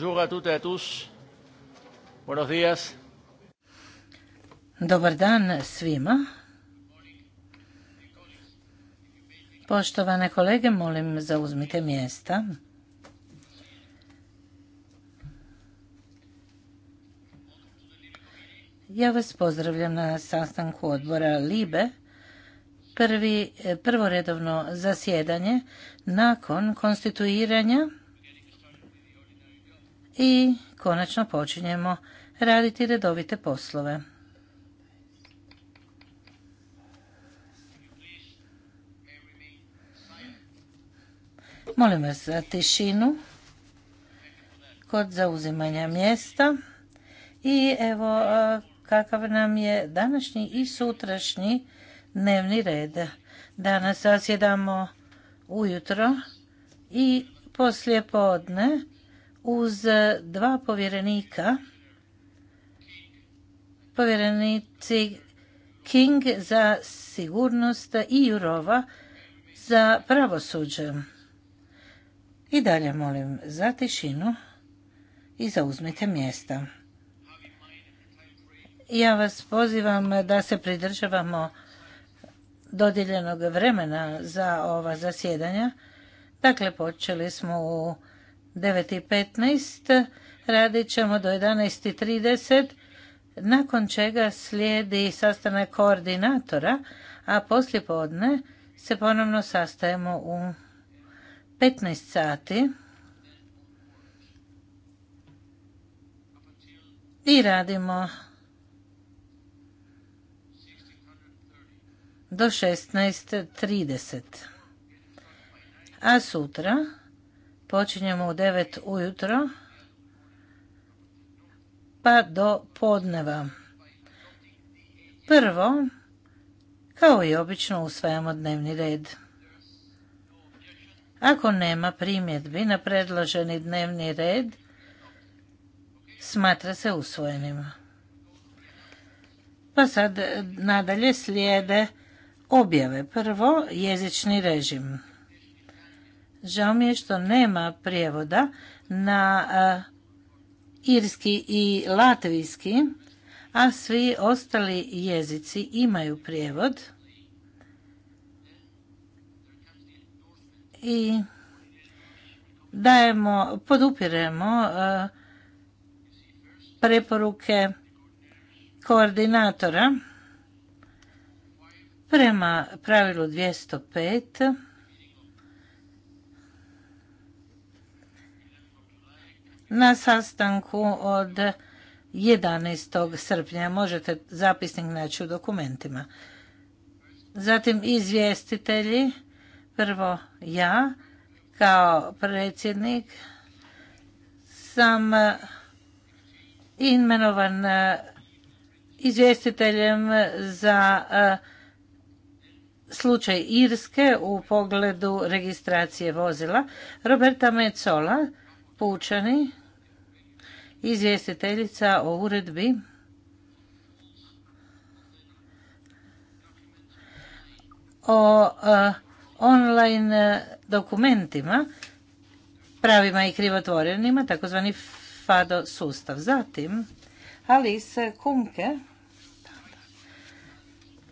Bonjour à tous. Buenos días. Dobar dan svima. Poštovane kolege, molim zauzmite mjesta. Ja vas pozdravljam na sastanku odbora LIBE, prvo redovno zasjedanje nakon konstituiranja i konačno počinjemo raditi redovite poslove. Molim vas za tišinu kod zauzimanja mjesta. I evo kakav nam je današnji i sutrašnji dnevni red. Danas zasjedamo ujutro i poslije podne uz e, dva povjerenika, povjerenici King za sigurnost i Jurova za pravosuđe. I dalje molim za tišinu i zauzmite mjesta. Ja vas pozivam da se pridržavamo dodijeljenog vremena za ova zasjedanja. Dakle, počeli smo u 9.15, radit ćemo do 11.30, nakon čega slijedi sastanak koordinatora, a poslijepodne se ponovno sastajemo u 15 sati i radimo do 16.30. A sutra Počinjemo u 9 ujutro pa do podneva. Prvo, kao i obično, usvajamo dnevni red. Ako nema primjedbi na predloženi dnevni red, smatra se usvojenim. Pa sad nadalje slijede objave. Prvo, jezični režim. Žao mi je što nema prijevoda na e, irski i latvijski, a svi ostali jezici imaju prijevod. I dajemo, podupiremo e, preporuke koordinatora prema pravilu 205 na sastanku od 11. srpnja. Možete zapisnik naći u dokumentima. Zatim izvjestitelji, prvo ja kao predsjednik sam e, imenovan e, izvjestiteljem za e, slučaj Irske u pogledu registracije vozila. Roberta Mecola, Pučani, izvjestiteljica o uredbi o e, online dokumentima, pravima i krivotvorenima, takozvani FADO sustav. Zatim, Alice Kunke,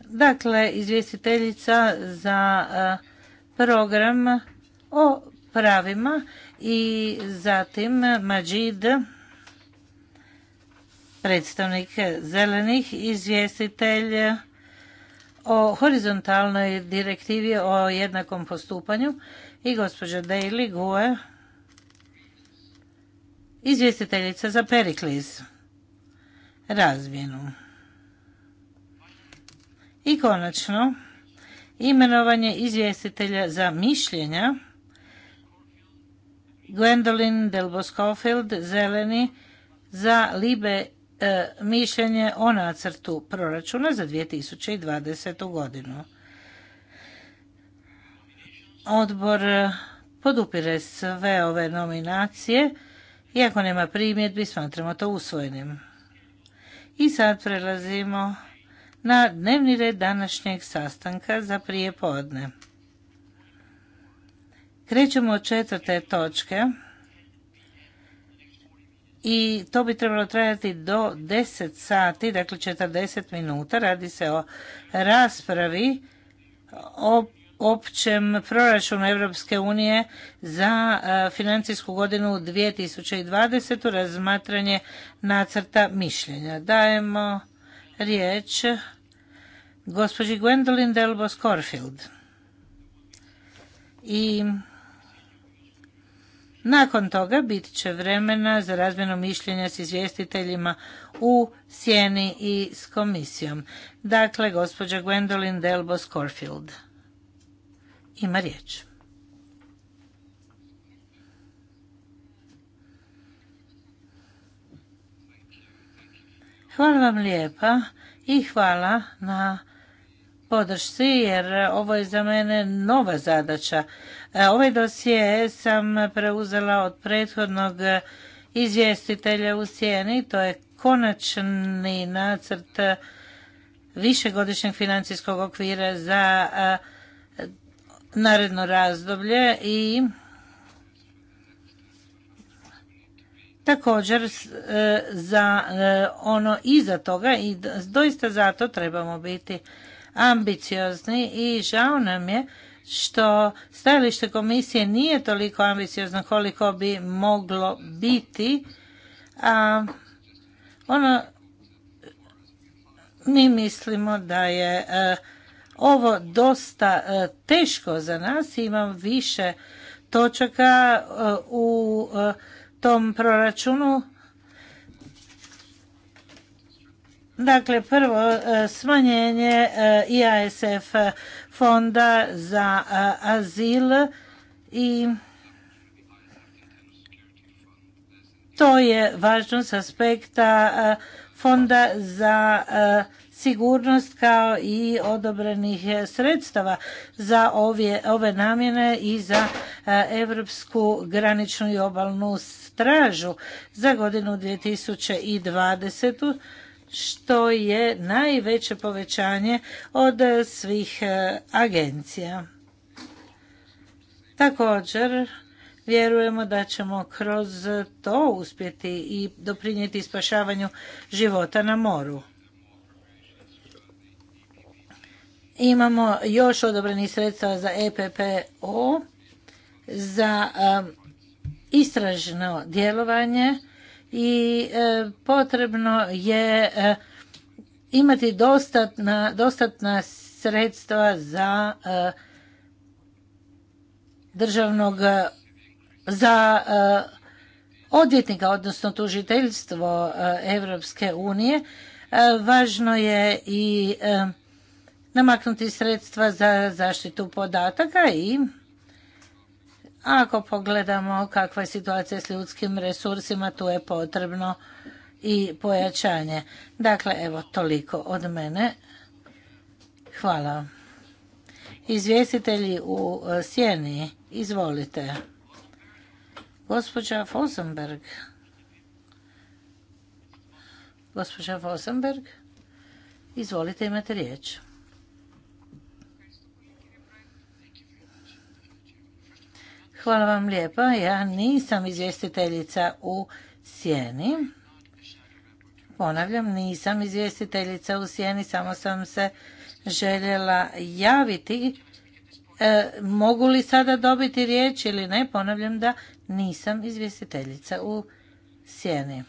dakle, izvjestiteljica za e, program o pravima i zatim Majid predstavnik zelenih, izvjestitelj o horizontalnoj direktivi o jednakom postupanju i gospođa Daly Gue, izvjestiteljica za Periklis, razmjenu. I konačno, imenovanje izvjestitelja za mišljenja Gwendolyn Delboscofield, zeleni, za Libe E, mišljenje o nacrtu proračuna za 2020. godinu. Odbor podupire sve ove nominacije, iako nema primjedbi, smatramo to usvojenim. I sad prelazimo na dnevni red današnjeg sastanka za prije podne. Krećemo od četvrte točke – i to bi trebalo trajati do 10 sati, dakle 40 minuta. Radi se o raspravi o općem proračunu Europske unije za e, financijsku godinu 2020. razmatranje nacrta mišljenja. Dajemo riječ gospođi Gwendolyn Delbos Corfield. I nakon toga bit će vremena za razmjenu mišljenja s izvjestiteljima u Sjeni i s komisijom. Dakle, gospođa Gwendolyn Delbo Scorfield ima riječ. Hvala vam lijepa i hvala na podršci jer ovo je za mene nova zadaća. E, ovaj dosje sam preuzela od prethodnog izvjestitelja u sjeni, to je konačni nacrt višegodišnjeg financijskog okvira za e, naredno razdoblje i također e, za ono iza toga i doista zato trebamo biti ambiciozni i žao nam je što stajalište komisije nije toliko ambiciozno koliko bi moglo biti. A ono mi mislimo da je e, ovo dosta e, teško za nas. Imam više točaka e, u tom proračunu Dakle, prvo e, smanjenje e, IASF fonda za e, azil i to je važno s aspekta fonda za sigurnost kao i odobrenih sredstava za ove, ove namjene i za Europsku graničnu i obalnu stražu za godinu 2020 što je najveće povećanje od svih e, agencija. Također, vjerujemo da ćemo kroz to uspjeti i doprinijeti spašavanju života na moru. Imamo još odobrenih sredstva za EPPO, za e, istražno djelovanje i e, potrebno je e, imati dostatna, sredstva za e, državnog za odvjetnika, odnosno tužiteljstvo Europske unije. Važno je i namaknuti sredstva za zaštitu podataka i ako pogledamo kakva je situacija s ljudskim resursima, tu je potrebno i pojačanje. Dakle, evo, toliko od mene. Hvala. Izvjestitelji u e, sjeni, izvolite. Gospođa Fosenberg. Gospođa Fosenberg, izvolite, imate riječ. Hvala vam lijepa. Ja nisam izvjestiteljica u sjeni. Ponavljam, nisam izvjestiteljica u sjeni, samo sam se željela javiti. E, mogu li sada dobiti riječ ili ne? Ponavljam da nisam izvjestiteljica u sjeni.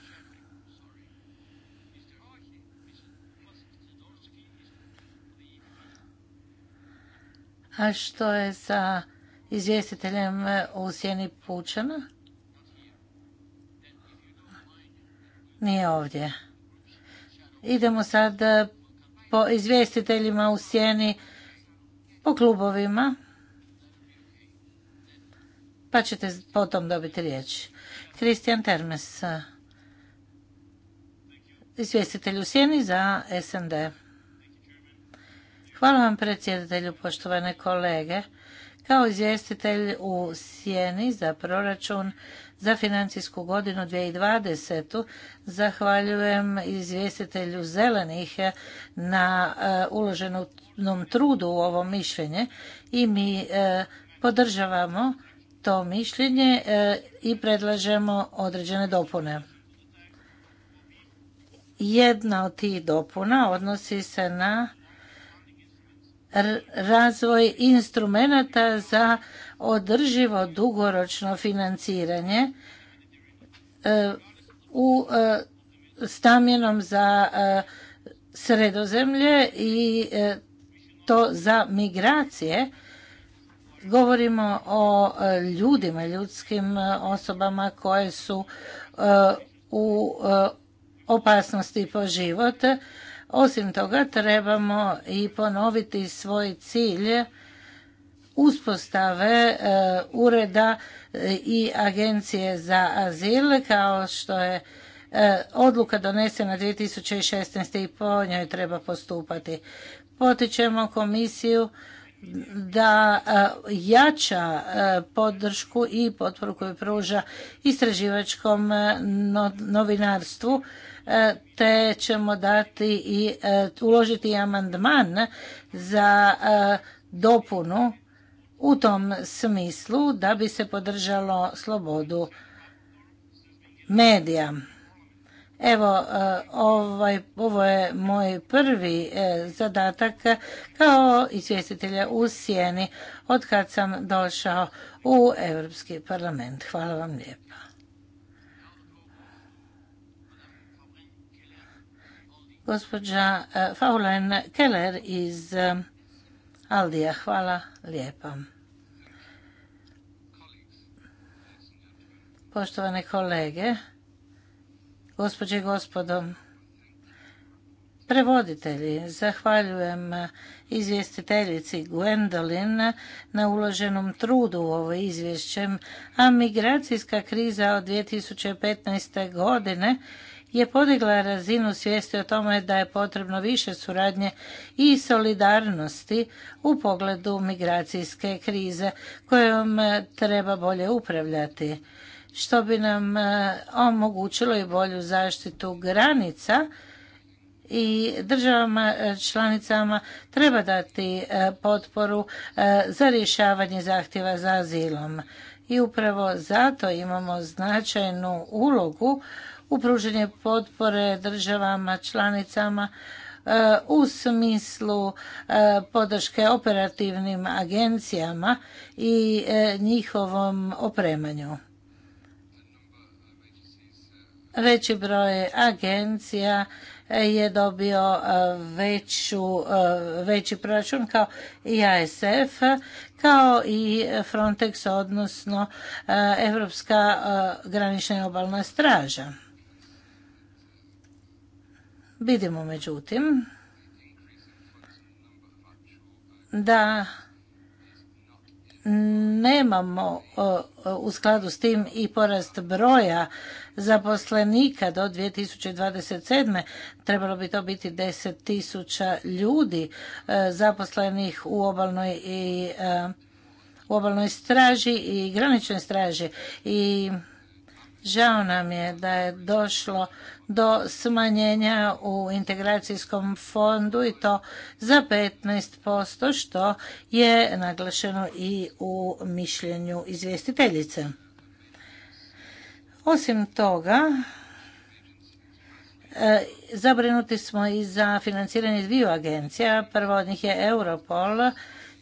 A što je sa izvjestiteljem e, u sjeni Pučana. Nije ovdje. Idemo sad e, po izvjestiteljima u sjeni po klubovima. Pa ćete potom dobiti riječ. Kristijan Termes, e, izvjestitelj u sjeni za SND. Hvala vam predsjedatelju, poštovane kolege kao izvjestitelj u Sjeni za proračun za financijsku godinu 2020. Zahvaljujem izvjestitelju zelenih na e, uloženom trudu u ovo mišljenje i mi e, podržavamo to mišljenje e, i predlažemo određene dopune. Jedna od tih dopuna odnosi se na razvoj instrumenata za održivo dugoročno financiranje e, u e, stamjenom za e, sredozemlje i to za migracije govorimo o ljudima ljudskim osobama koje su u opasnosti po život osim toga, trebamo i ponoviti svoj cilj uspostave e, ureda e, i agencije za azil, kao što je e, odluka donesena 2016. i po njoj treba postupati. Potičemo komisiju da jača podršku i potporu koju pruža istraživačkom novinarstvu te ćemo dati i e, uložiti amandman za e, dopunu u tom smislu da bi se podržalo slobodu medija. Evo, e, ovaj, ovo je moj prvi zadatak kao izvjestitelja u Sjeni od kad sam došao u Europski parlament. Hvala vam lijepa. gospođa eh, Faulen Keller iz eh, Aldija. Hvala lijepa. Poštovane kolege, gospođe i gospodo, prevoditelji, zahvaljujem eh, izvjestiteljici Gwendolyn na uloženom trudu u ovo izvješće, a migracijska kriza od 2015. godine je podigla razinu svijesti o tome da je potrebno više suradnje i solidarnosti u pogledu migracijske krize kojom e, treba bolje upravljati što bi nam e, omogućilo i bolju zaštitu granica i državama e, članicama treba dati potporu za rješavanje zahtjeva za azilom. I upravo zato imamo značajnu ulogu u potpore državama članicama e, u smislu e, podrške operativnim agencijama i e, njihovom opremanju. Veći broj agencija je dobio veću, veći proračun kao i ASF, kao i Frontex, odnosno Europska granična i obalna straža. Vidimo međutim da nemamo u skladu s tim i porast broja zaposlenika do 2027. Trebalo bi to biti 10.000 ljudi e, zaposlenih u obalnoj i e, u obalnoj straži i graničnoj straži i Žao nam je da je došlo do smanjenja u integracijskom fondu i to za 15%, što je naglašeno i u mišljenju izvjestiteljice. Osim toga, e, zabrinuti smo i za financiranje dviju agencija. prvodnih od njih je Europol.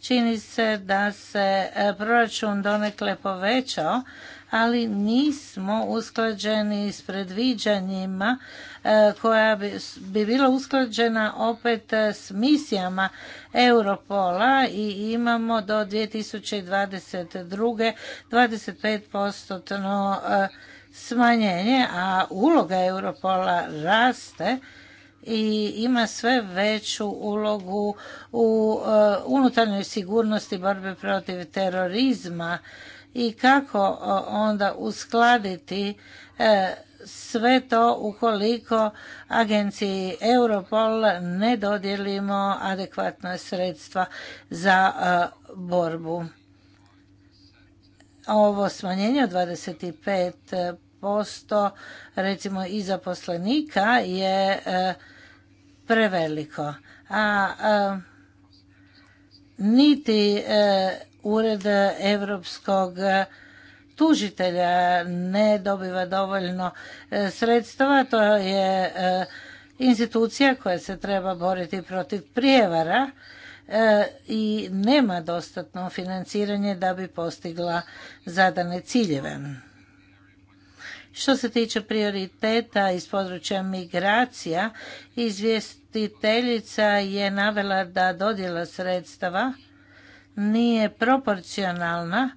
Čini se da se e, proračun donekle povećao ali nismo usklađeni s predviđanjima e, koja bi bila usklađena opet e, s misijama Europola i imamo do 2022. 25% e, smanjenje, a uloga Europola raste i ima sve veću ulogu u unutarnjoj sigurnosti borbe protiv terorizma i kako onda uskladiti e, sve to ukoliko agenciji Europol ne dodijelimo adekvatna sredstva za e, borbu. Ovo smanjenje od 25% recimo i zaposlenika je e, preveliko. A niti Ured europskog e, tužitelja ne dobiva dovoljno e, sredstava. To je e, institucija koja se treba boriti protiv prijevara i nema dostatno financiranje da bi postigla zadane ciljeve. Što se tiče prioriteta iz područja migracija, izvjestiteljica je navela da dodjela sredstava nije proporcionalna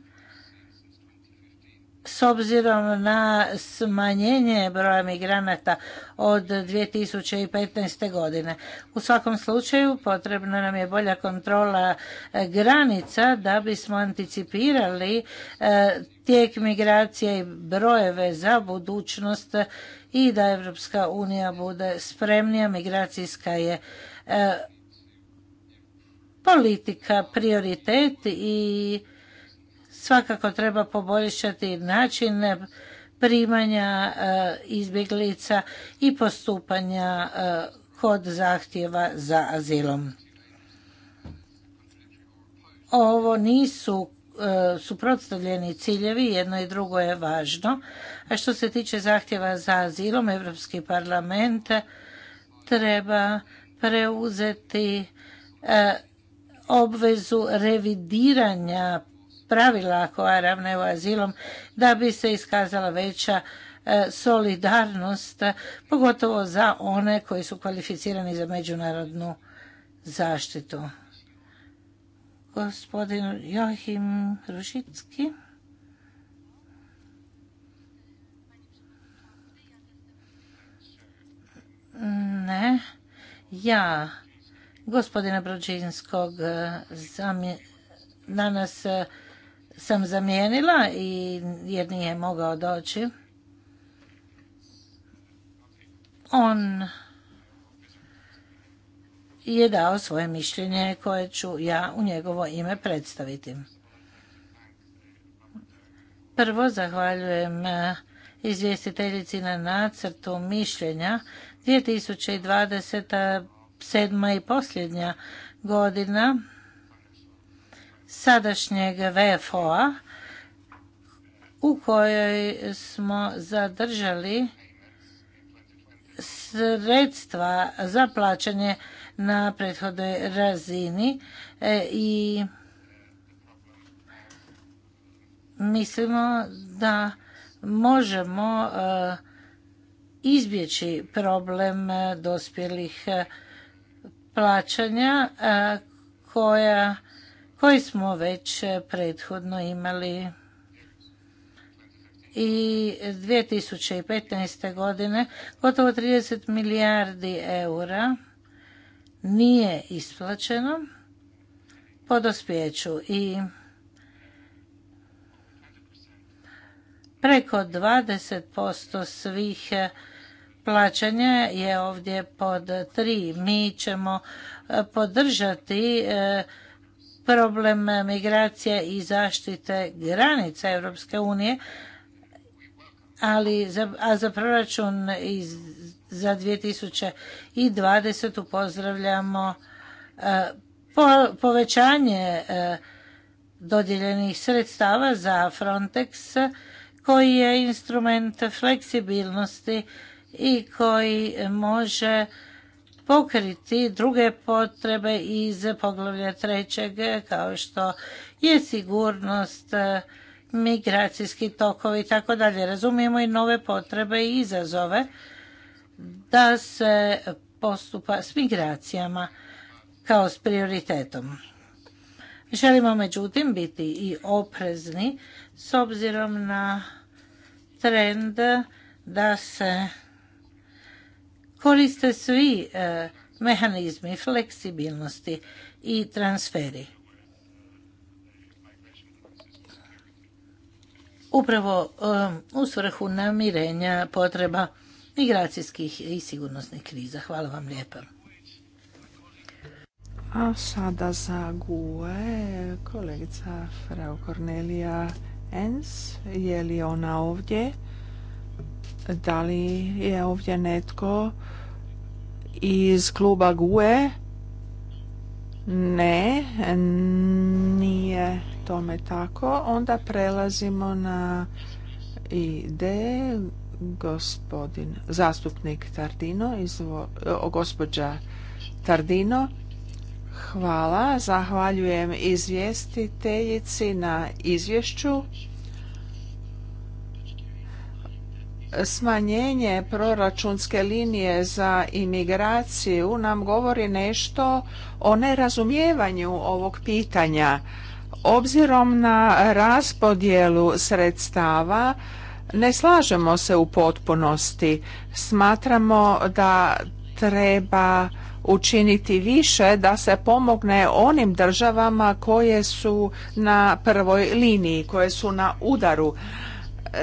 s obzirom na smanjenje broja migranata od 2015. godine. U svakom slučaju potrebna nam je bolja kontrola e, granica da bismo anticipirali e, tijek migracije i brojeve za budućnost i da Evropska unija bude spremnija. Migracijska je e, politika, prioritet i svakako treba poboljšati način primanja eh, izbjeglica i postupanja eh, kod zahtjeva za azilom. Ovo nisu eh, suprotstavljeni ciljevi, jedno i drugo je važno. A što se tiče zahtjeva za azilom, Europski parlament treba preuzeti obvezu revidiranja pravila koja ravnaju azilom da bi se iskazala veća e, solidarnost, pogotovo za one koji su kvalificirani za međunarodnu zaštitu. Gospodin Johim Ružicki. Ne, ja gospodina Brođinskog danas eh, eh, sam zamijenila i jer nije mogao doći. On je dao svoje mišljenje koje ću ja u njegovo ime predstaviti. Prvo zahvaljujem eh, izvjestiteljici na nacrtu mišljenja 2020 sedma i posljednja godina sadašnjeg VFO-a u kojoj smo zadržali sredstva za plaćanje na prethodnoj razini e, i mislimo da možemo e, izbjeći problem dospjelih plaćanja e, koja, koji smo već prethodno imali i 2015. godine gotovo 30 milijardi eura nije isplaćeno po dospjeću i preko 20% svih plaćanje je ovdje pod tri. Mi ćemo e, podržati e, problem migracije i zaštite granica Europske unije, ali za, a za proračun iz, za 2020. pozdravljamo e, po, povećanje dodijeljenih sredstava za Frontex koji je instrument fleksibilnosti i koji može pokriti druge potrebe iz poglavlja trećeg kao što je sigurnost, migracijski tokovi i tako dalje. Razumijemo i nove potrebe i izazove da se postupa s migracijama kao s prioritetom. Želimo međutim biti i oprezni s obzirom na trend da se koriste svi e, mehanizmi fleksibilnosti i transferi. Upravo e, u svrhu namirenja potreba migracijskih i sigurnosnih kriza. Hvala vam lijepa. A sada za GUE kolegica Frau Cornelia Ens. Je li ona ovdje? Da li je ovdje netko iz kluba GUE? Ne, nije tome tako. Onda prelazimo na ID. Gospodin zastupnik Tardino, izvo, o, gospođa Tardino. Hvala, zahvaljujem izvjestiteljici na izvješću. smanjenje proračunske linije za imigraciju nam govori nešto o nerazumijevanju ovog pitanja. Obzirom na raspodjelu sredstava ne slažemo se u potpunosti. Smatramo da treba učiniti više da se pomogne onim državama koje su na prvoj liniji, koje su na udaru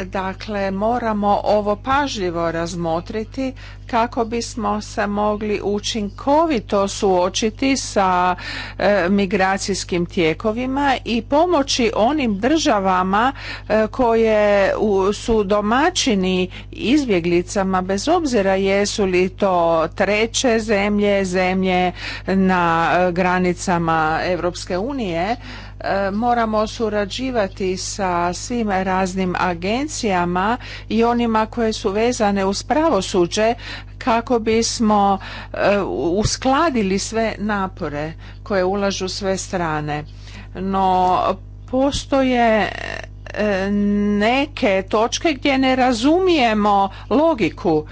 Dakle, moramo ovo pažljivo razmotriti kako bismo se mogli učinkovito suočiti sa e, migracijskim tijekovima i pomoći onim državama e, koje su domaćini izbjeglicama bez obzira jesu li to treće zemlje, zemlje na e, granicama Europske unije E, moramo surađivati sa svim raznim agencijama i onima koje su vezane uz pravosuđe kako bismo e, uskladili sve napore koje ulažu sve strane. No postoje e, neke točke gdje ne razumijemo logiku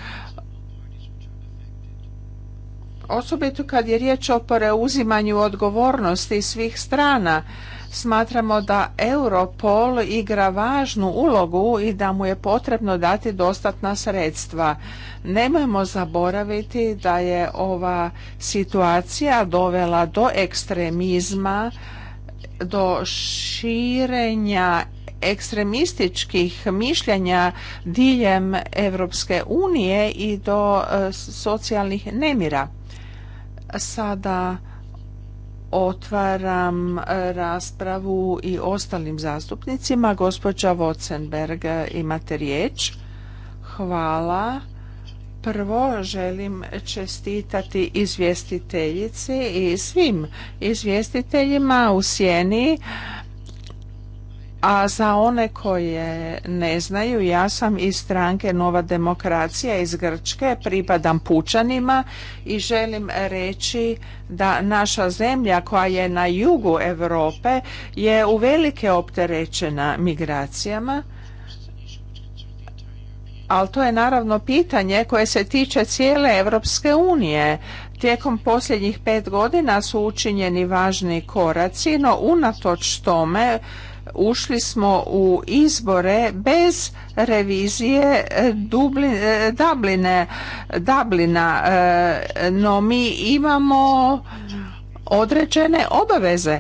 osobito kad je riječ o preuzimanju odgovornosti svih strana Smatramo da Europol igra važnu ulogu i da mu je potrebno dati dostatna sredstva. Nemojmo zaboraviti da je ova situacija dovela do ekstremizma, do širenja ekstremističkih mišljenja diljem Europske unije i do e, socijalnih nemira. Sada Otvaram e, raspravu i ostalim zastupnicima. Gospođa Vocenberg, e, imate riječ. Hvala. Prvo želim čestitati izvjestiteljici i svim izvjestiteljima u Sjeni a za one koje ne znaju, ja sam iz stranke Nova demokracija iz Grčke, pripadam pučanima i želim reći da naša zemlja koja je na jugu Europe je uvelike opterećena migracijama ali to je naravno pitanje koje se tiče cijele Europske unije. Tijekom posljednjih pet godina su učinjeni važni koraci, no unatoč tome ušli smo u izbore bez revizije e, Dubline, Dublina, e, no mi imamo određene obaveze.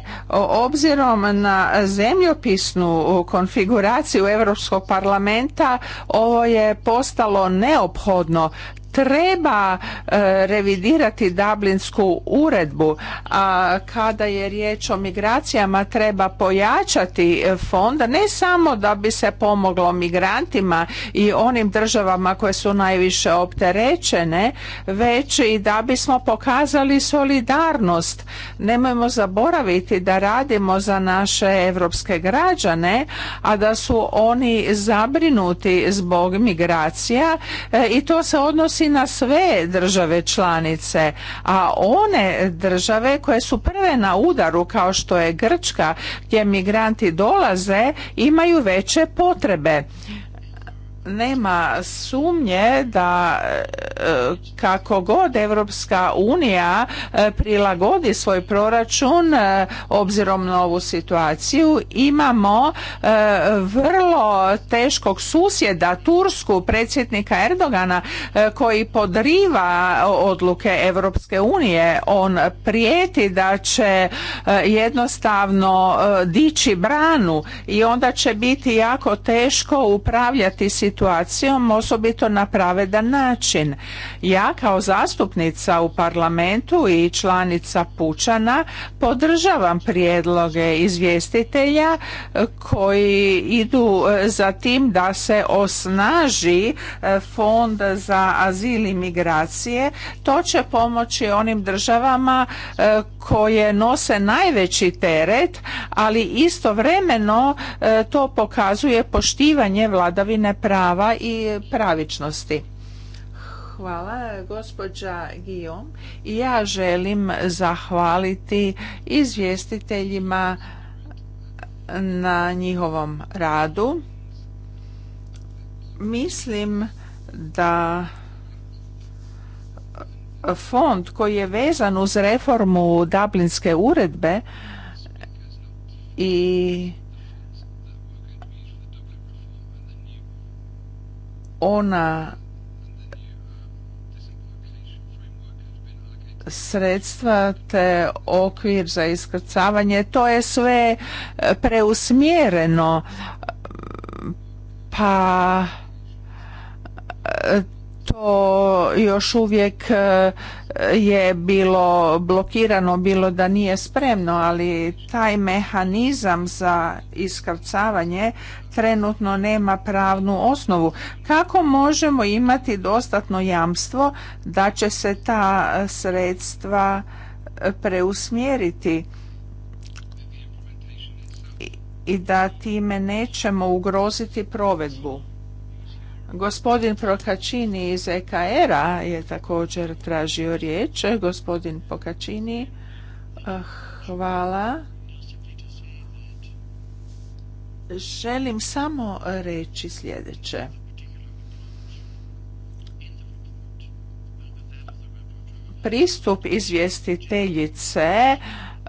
Obzirom na zemljopisnu konfiguraciju Europskog parlamenta ovo je postalo neophodno treba e, revidirati Dublinsku uredbu, a kada je riječ o migracijama treba pojačati e, fond, ne samo da bi se pomoglo migrantima i onim državama koje su najviše opterećene, već i da bismo pokazali solidarnost. Nemojmo zaboraviti da radimo za naše evropske građane, a da su oni zabrinuti zbog migracija e, i to se odnosi odnosi na sve države članice, a one države koje su prve na udaru kao što je Grčka gdje migranti dolaze imaju veće potrebe nema sumnje da e, kako god Europska unija e, prilagodi svoj proračun e, obzirom na ovu situaciju imamo vrlo teškog susjeda Tursku predsjednika Erdogana koji podriva odluke Europske unije on prijeti da će jednostavno dići branu i onda će biti jako teško upravljati situacijom situacijom osobito na pravedan način. Ja kao zastupnica u parlamentu i članica Pučana podržavam prijedloge izvjestitelja e, koji idu e, za tim da se osnaži e, fond za azil i migracije. To će pomoći onim državama koje nose najveći teret, ali istovremeno to pokazuje poštivanje vladavine prava prava i pravičnosti. Hvala, gospođa Guillaume. Ja želim zahvaliti izvjestiteljima na njihovom radu. Mislim da fond koji je vezan uz reformu Dublinske uredbe i ona sredstva te okvir za iskrcavanje, to je sve preusmjereno. Pa to još uvijek je bilo blokirano, bilo da nije spremno, ali taj mehanizam za iskrcavanje trenutno nema pravnu osnovu. Kako možemo imati dostatno jamstvo da će se ta e, sredstva e, preusmjeriti i da time nećemo ugroziti provedbu? Gospodin Prokačini iz EKR-a je također tražio riječ. Gospodin Pokačini, eh, hvala. Želim samo reći sljedeće. Pristup izvjestiteljice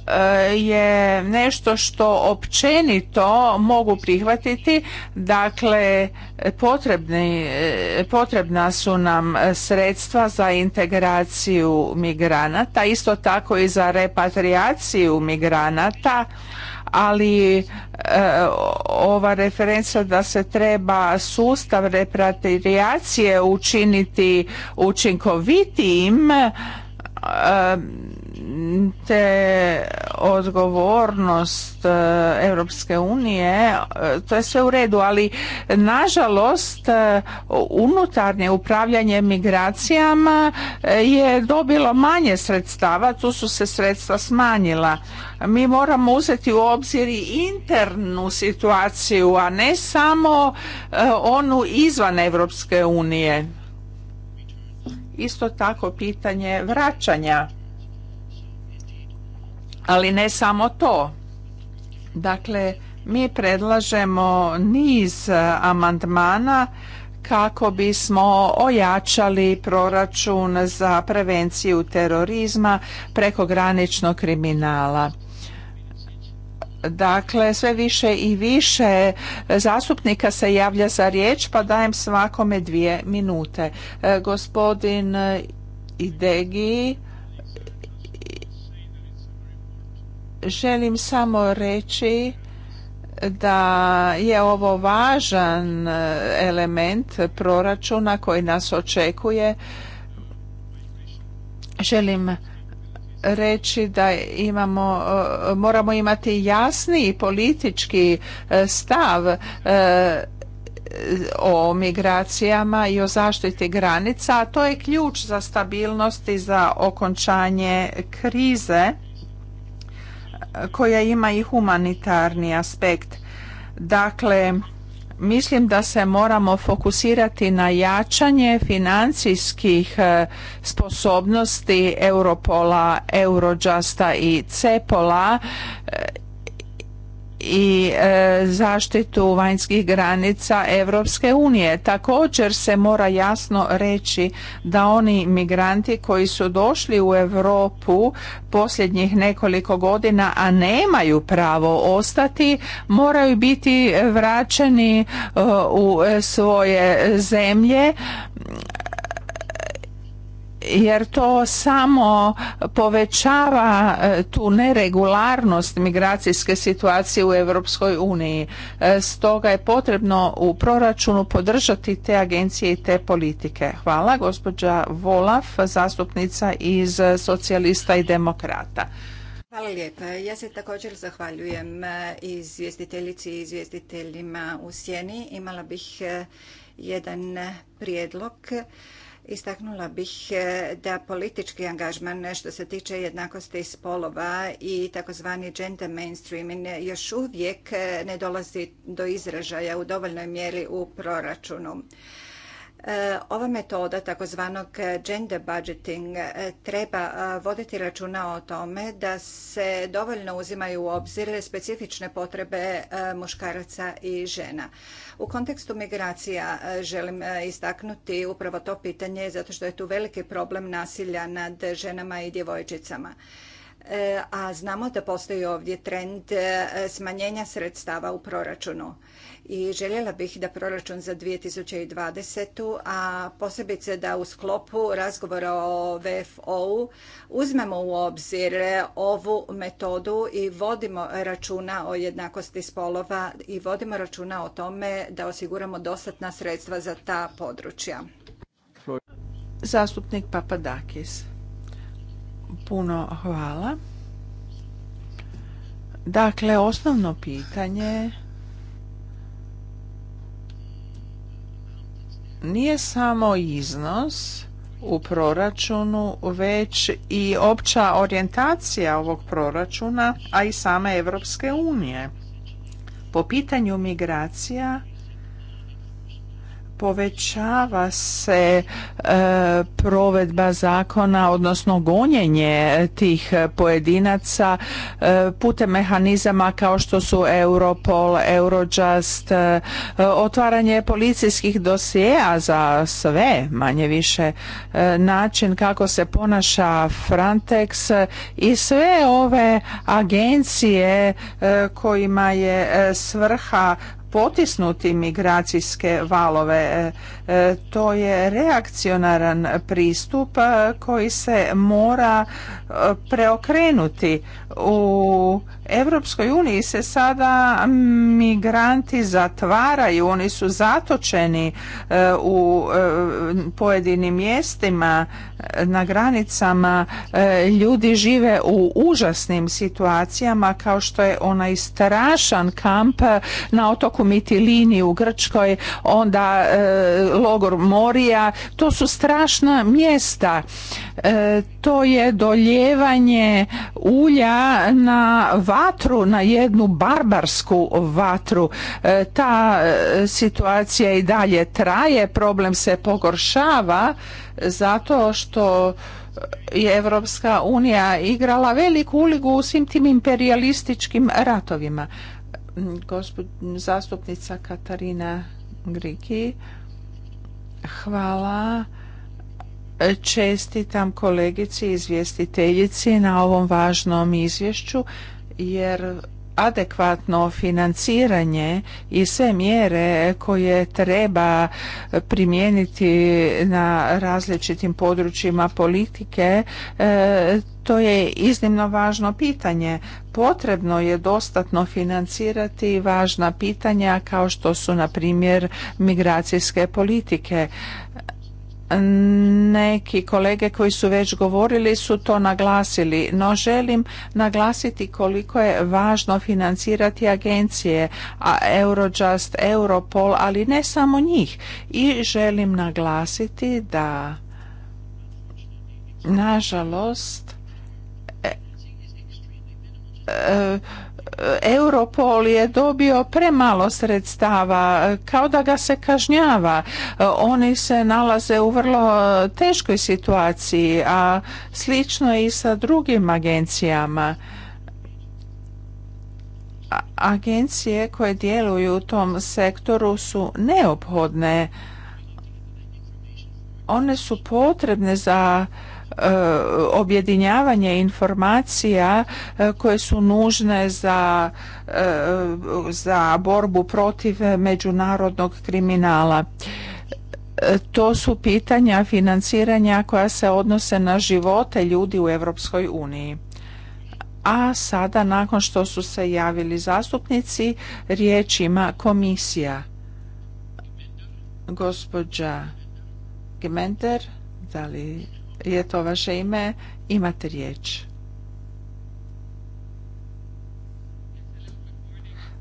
Eh, je nešto što općenito mogu prihvatiti. Dakle, potrebni, eh, potrebna su nam sredstva za integraciju migranata, isto tako i za repatriaciju migranata, ali eh, ova referenca da se treba sustav repatriacije učiniti učinkovitijim te odgovornost e, Europske unije, e, to je sve u redu, ali nažalost e, unutarnje upravljanje migracijama je dobilo manje sredstava, tu su se sredstva smanjila. Mi moramo uzeti u obzir i internu situaciju, a ne samo onu izvan Europske unije. Isto tako pitanje vraćanja ali ne samo to. Dakle, mi predlažemo niz e, amandmana kako bismo ojačali proračun za prevenciju terorizma prekograničnog kriminala. Dakle, sve više i više zastupnika se javlja za riječ, pa dajem svakome dvije minute. E, gospodin Idegi, želim samo reći da je ovo važan e, element proračuna koji nas očekuje. Želim reći da imamo, e, moramo imati jasni politički e, stav o migracijama i o zaštiti granica, a to je ključ za stabilnost i za okončanje krize koja ima i humanitarni aspekt. Dakle, mislim da se moramo fokusirati na jačanje financijskih e, sposobnosti Europola, Eurojusta i Cepola e, i e, zaštitu vanjskih granica Europske unije. Također se mora jasno reći da oni migranti koji su došli u Europu posljednjih nekoliko godina, a nemaju pravo ostati, moraju biti vraćeni e, u e, svoje zemlje jer to samo povećava e, tu neregularnost migracijske situacije u Europskoj uniji. E, stoga je potrebno u proračunu podržati te agencije i te politike. Hvala, gospođa Volaf, zastupnica iz socijalista i demokrata. Hvala lijepa. Ja se također zahvaljujem e, izvjestiteljici i izvjestiteljima u Sjeni. Imala bih jedan prijedlog Istaknula bih e, da politički angažman što se tiče jednakosti spolova i takozvani gender mainstreaming još uvijek e, ne dolazi do izražaja u dovoljnoj mjeri u proračunu. E, ova metoda takozvanog gender budgeting e, treba e, voditi računa o tome da se dovoljno uzimaju u obzir specifične potrebe muškaraca i žena. U kontekstu migracija želim istaknuti upravo to pitanje zato što je tu veliki problem nasilja nad ženama i djevojčicama a znamo da postoji ovdje trend smanjenja sredstava u proračunu i željela bih da proračun za 2020. a posebice da u sklopu razgovora o VFO-u uzmemo u obzir ovu metodu i vodimo računa o jednakosti spolova i vodimo računa o tome da osiguramo dostatna sredstva za ta područja. Zastupnik Papadakis. Puno hvala. Dakle, osnovno pitanje nije samo iznos u proračunu, već i opća orijentacija ovog proračuna, a i same Europske unije. Po pitanju migracija povećava se e, provedba zakona odnosno gonjenje tih pojedinaca e, putem mehanizama kao što su Europol, Eurojust, e, otvaranje policijskih dosijeja za sve manje-više način kako se ponaša Frontex i sve ove agencije kojima je svrha potisnuti migracijske valove e, E, to je reakcionaran pristup e, koji se mora e, preokrenuti. U Europskoj uniji se sada migranti zatvaraju, oni su zatočeni u pojedinim mjestima na granicama. Ljudi žive u užasnim situacijama kao što je onaj strašan kamp na otoku Mitilini u Grčkoj, onda logor Morija, to su strašna mjesta. E, to je doljevanje ulja na vatru, na jednu barbarsku vatru. E, ta e, situacija i dalje traje, problem se pogoršava zato što je Evropska unija igrala veliku uligu u svim tim imperialističkim ratovima. Gospod, zastupnica Katarina Griki. Hvala. Čestitam kolegici izvjestiteljici na ovom važnom izvješću jer adekvatno financiranje i sve mjere koje treba primijeniti na različitim područjima politike e, to je iznimno važno pitanje. Potrebno je dostatno financirati važna pitanja kao što su na primjer migracijske politike. Neki kolege koji su već govorili su to naglasili, no želim naglasiti koliko je važno financirati agencije, a Eurojust, Europol, ali ne samo njih. I želim naglasiti da nažalost e, e, Europol je dobio premalo sredstava, kao da ga se kažnjava. Oni se nalaze u vrlo teškoj situaciji, a slično i sa drugim agencijama agencije koje djeluju u tom sektoru su neophodne. One su potrebne za E, objedinjavanje informacija e, koje su nužne e, za, borbu protiv međunarodnog kriminala to su pitanja financiranja koja se odnose na živote ljudi u Europskoj uniji. A sada nakon što su se javili zastupnici, riječ ima komisija. Gospođa Gementer, da li je to vaše ime, imate riječ.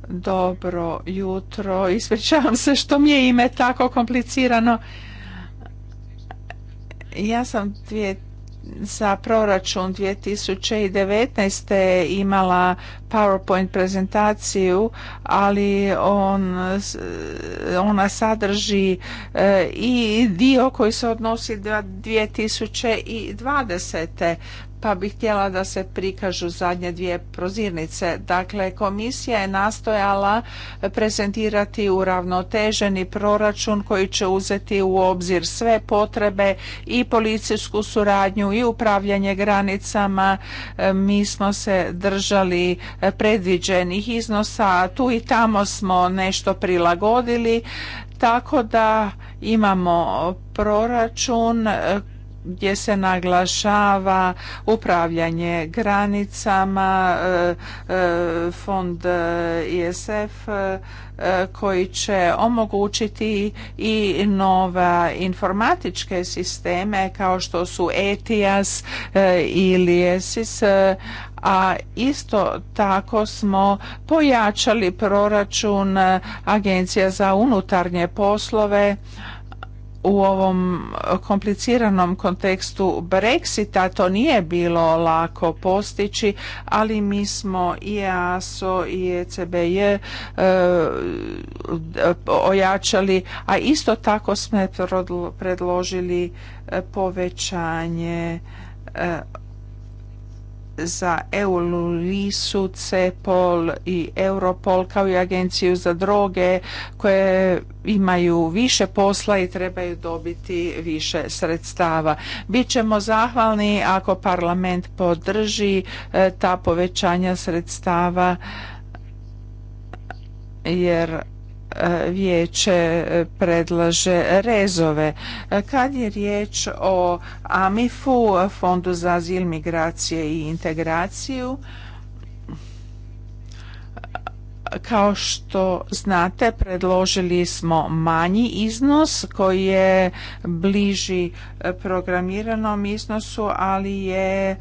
Dobro jutro, ispričavam se što mi je ime tako komplicirano. Ja sam dvije za proračun 2019. imala PowerPoint prezentaciju, ali on, ona sadrži e, i dio koji se odnosi na 2020 pa bih htjela da se prikažu zadnje dvije prozirnice. Dakle, komisija je nastojala prezentirati uravnoteženi proračun koji će uzeti u obzir sve potrebe i policijsku suradnju i upravljanje granicama. E, mi smo se držali predviđenih iznosa, tu i tamo smo nešto prilagodili, tako da imamo proračun gdje se naglašava upravljanje granicama, e, e, fond e, ISF koji će omogućiti i nova informatičke sisteme kao što su ETIAS ili ESIS, a isto tako smo pojačali proračun Agencija za unutarnje poslove u ovom kompliciranom kontekstu Brexita to nije bilo lako postići, ali mi smo i EASO i ECB e, ojačali, a isto tako smo predložili e, povećanje e, za Lisu, CEPOL i Europol kao i Agenciju za droge koje imaju više posla i trebaju dobiti više sredstava. Bićemo zahvalni ako parlament podrži e, ta povećanja sredstava jer vijeće predlaže rezove. Kad je riječ o AMIFU Fondu za azil, migracije i integraciju, kao što znate, predložili smo manji iznos koji je bliži e, programiranom iznosu, ali je e,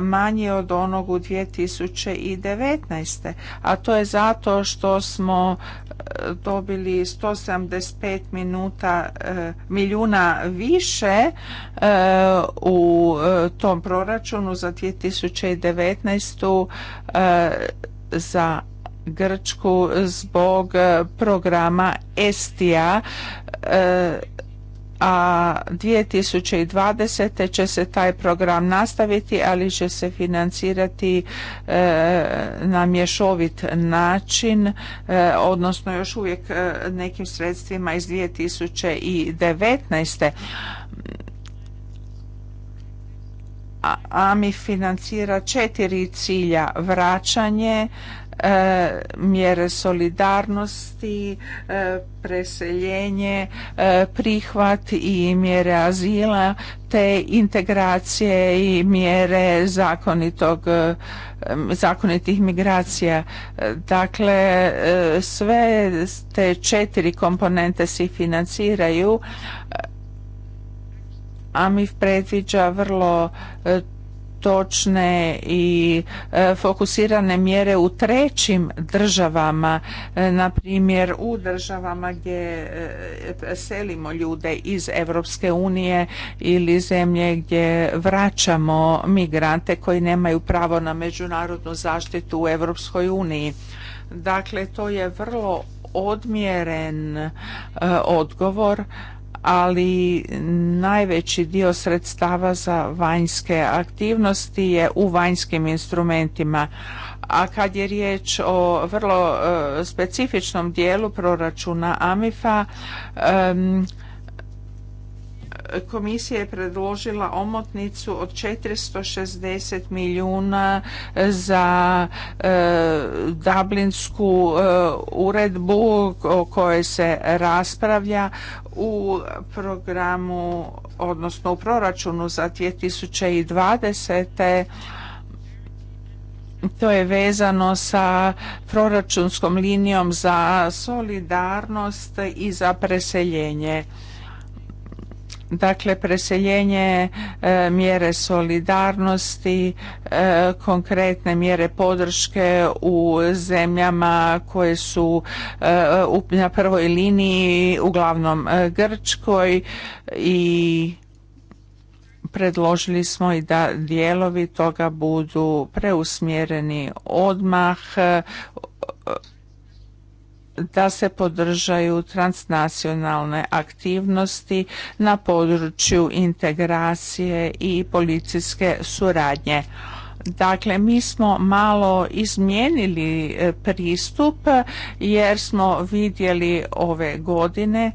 manji od onog u 2019. A to je zato što smo e, dobili 175 minuta, milijuna više u tom proračunu za 2019. za Grčku zbog e, programa Estija e, a 2020. će se taj program nastaviti, ali će se financirati e, na mješovit način, odnosno još uvijek nekim sredstvima iz 2019. A, AMI financira četiri cilja vraćanje, E, mjere solidarnosti, e, preseljenje, e, prihvat i mjere azila te integracije i mjere zakonitog, zakonitih migracija. Dakle, sve te četiri komponente se financiraju, a mi predviđa vrlo točne i e, fokusirane mjere u trećim državama, e, na primjer u državama gdje e, selimo ljude iz Europske unije ili zemlje gdje vraćamo migrante koji nemaju pravo na međunarodnu zaštitu u Europskoj uniji. Dakle, to je vrlo odmjeren odgovor ali najveći dio sredstava za vanjske aktivnosti je u vanjskim instrumentima. A kad je riječ o vrlo e, specifičnom dijelu proračuna AMIFA, komisija je predložila omotnicu od 460 milijuna za e, Dublinsku e, uredbu o kojoj se raspravlja u programu, odnosno u proračunu za 2020. To je vezano sa proračunskom linijom za solidarnost i za preseljenje. Dakle, preseljenje, e, mjere solidarnosti, e, konkretne mjere podrške u zemljama koje su e, na prvoj liniji, uglavnom Grčkoj i predložili smo i da dijelovi toga budu preusmjereni odmah da se podržaju transnacionalne aktivnosti na području integracije i policijske suradnje. Dakle, mi smo malo izmijenili e, pristup jer smo vidjeli ove godine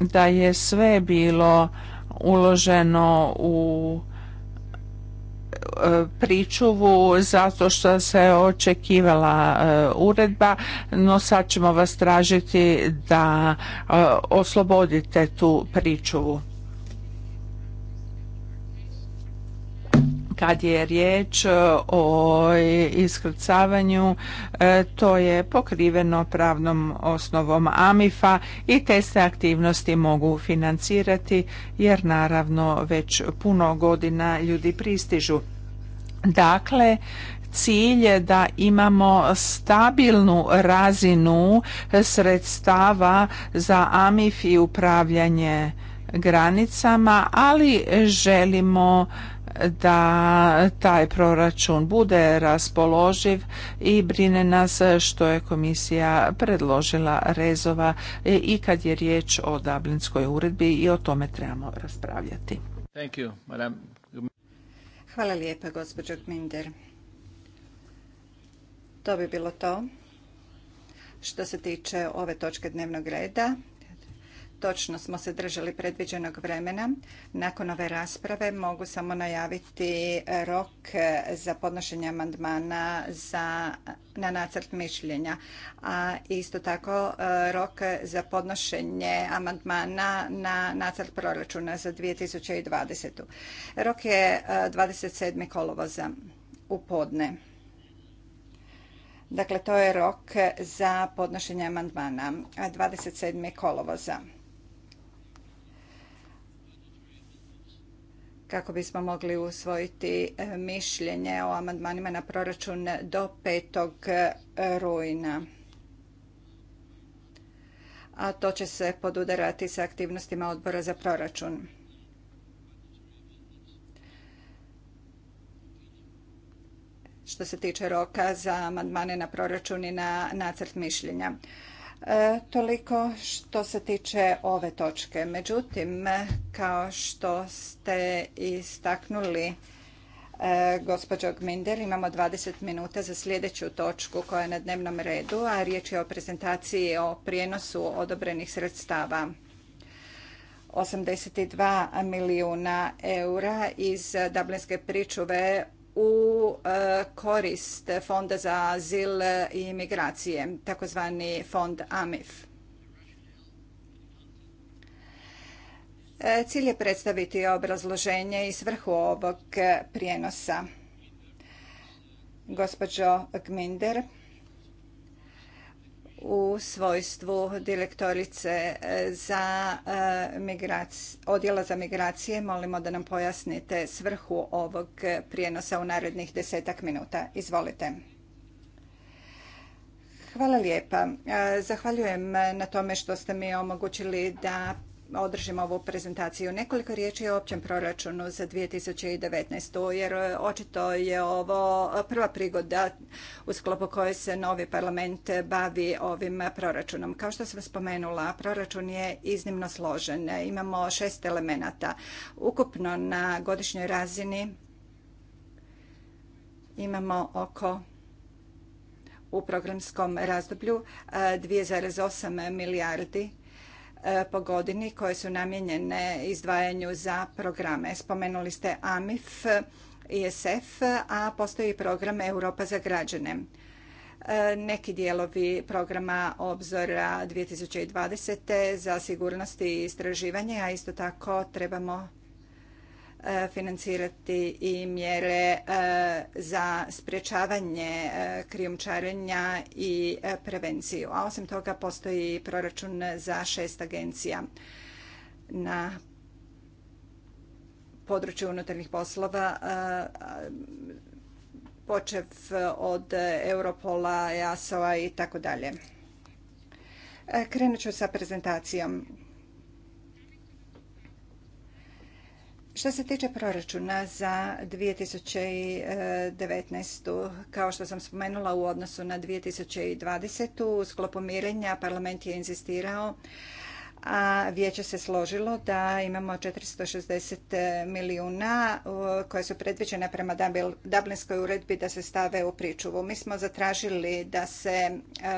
da je sve bilo uloženo u pričuvu zato što se očekivala e, uredba, no sad ćemo vas tražiti da e, oslobodite tu pričuvu. Kad je riječ e, o iskrcavanju, e, to je pokriveno pravnom osnovom AMIFA i te se aktivnosti mogu financirati jer naravno već puno godina ljudi pristižu. Dakle, cilj je da imamo stabilnu razinu sredstava za AMIF i upravljanje granicama, ali želimo da taj proračun bude raspoloživ i brine nas što je komisija predložila rezova e, i kad je riječ o Dublinskoj uredbi i o tome trebamo raspravljati. Hvala lijepa, gospođo Gminder. To bi bilo to što se tiče ove točke dnevnog reda. Točno smo se držali predviđenog vremena. Nakon ove rasprave mogu samo najaviti rok za podnošenje amandmana za, na nacrt mišljenja. A isto tako e, rok za podnošenje amandmana na nacrt proračuna za 2020. Rok je 27. E, kolovoza u podne. Dakle, to je rok za podnošenje amandmana 27. kolovoza. kako bismo mogli usvojiti e, mišljenje o amandmanima na proračun do 5. E, rujna. A to će se podudarati sa aktivnostima odbora za proračun. Što se tiče roka za amandmane na proračun i na nacrt mišljenja. E, toliko što se tiče ove točke. Međutim, kao što ste istaknuli e, gospođo Gminder, imamo 20 minuta za sljedeću točku koja je na dnevnom redu, a riječ je o prezentaciji o prijenosu odobrenih sredstava. 82 milijuna eura iz Dublinske pričuve u e, korist Fonda za azil i migracije, takozvani fond AMIF. E, cilj je predstaviti obrazloženje i svrhu ovog prijenosa. Gospođo Gminder, u svojstvu direktorice e, za e, odjela za migracije. Molimo da nam pojasnite svrhu ovog prijenosa u narednih desetak minuta. Izvolite. Hvala lijepa. E, zahvaljujem na tome što ste mi omogućili da održim ovu prezentaciju. Nekoliko riječi o općem proračunu za 2019. jer e, očito je ovo prva prigoda u sklopu koje se novi parlament bavi ovim proračunom. Kao što sam spomenula, proračun je iznimno složen. Imamo šest elemenata. Ukupno na godišnjoj razini imamo oko u programskom razdoblju 2,8 e, milijardi E, po godini koje su namijenjene izdvajanju za programe. Spomenuli ste AMIF, ISF, a postoji program Europa za građane. E, neki dijelovi programa obzora 2020. za sigurnost i istraživanje, a isto tako trebamo E, financirati i mjere e, za sprječavanje e, krijumčarenja i prevenciju. A osim toga postoji proračun za šest agencija na području unutarnjih poslova počev od Europola, EASO-a i tako dalje. Krenut ću sa prezentacijom. Što se tiče proračuna za 2019. kao što sam spomenula u odnosu na 2020. u sklopu mirenja parlament je inzistirao a vijeće se složilo da imamo 460 milijuna koje su predviđene prema Dublinskoj uredbi da se stave u pričuvu. Mi smo zatražili da se e,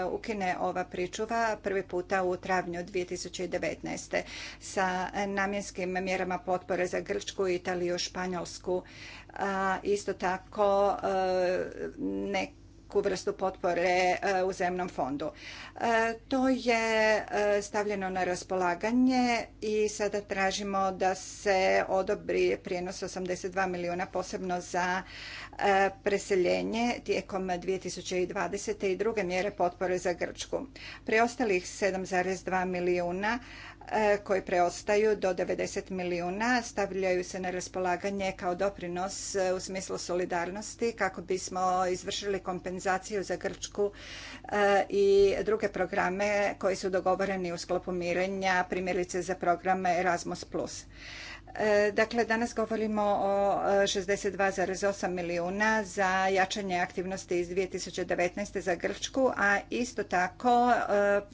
ukine ova pričuva prvi puta u travnju 2019. sa namjenskim mjerama potpore za Grčku, Italiju, Španjolsku. Isto tako e, neke neku vrstu potpore e, u zemnom fondu. E, to je e, stavljeno na raspolaganje i sada tražimo da se odobri prijenos 82 milijuna posebno za preseljenje tijekom 2020. i druge mjere potpore za Grčku. Preostalih 7,2 milijuna E, koji preostaju do 90 milijuna stavljaju se na raspolaganje kao doprinos e, u smislu solidarnosti kako bismo izvršili kompenzaciju za Grčku e, i druge programe koji su dogovoreni u sklopu mirenja, primjerice za programe Erasmus+. E, dakle, danas govorimo o 62,8 e, milijuna za jačanje aktivnosti iz 2019. za Grčku, a isto tako e,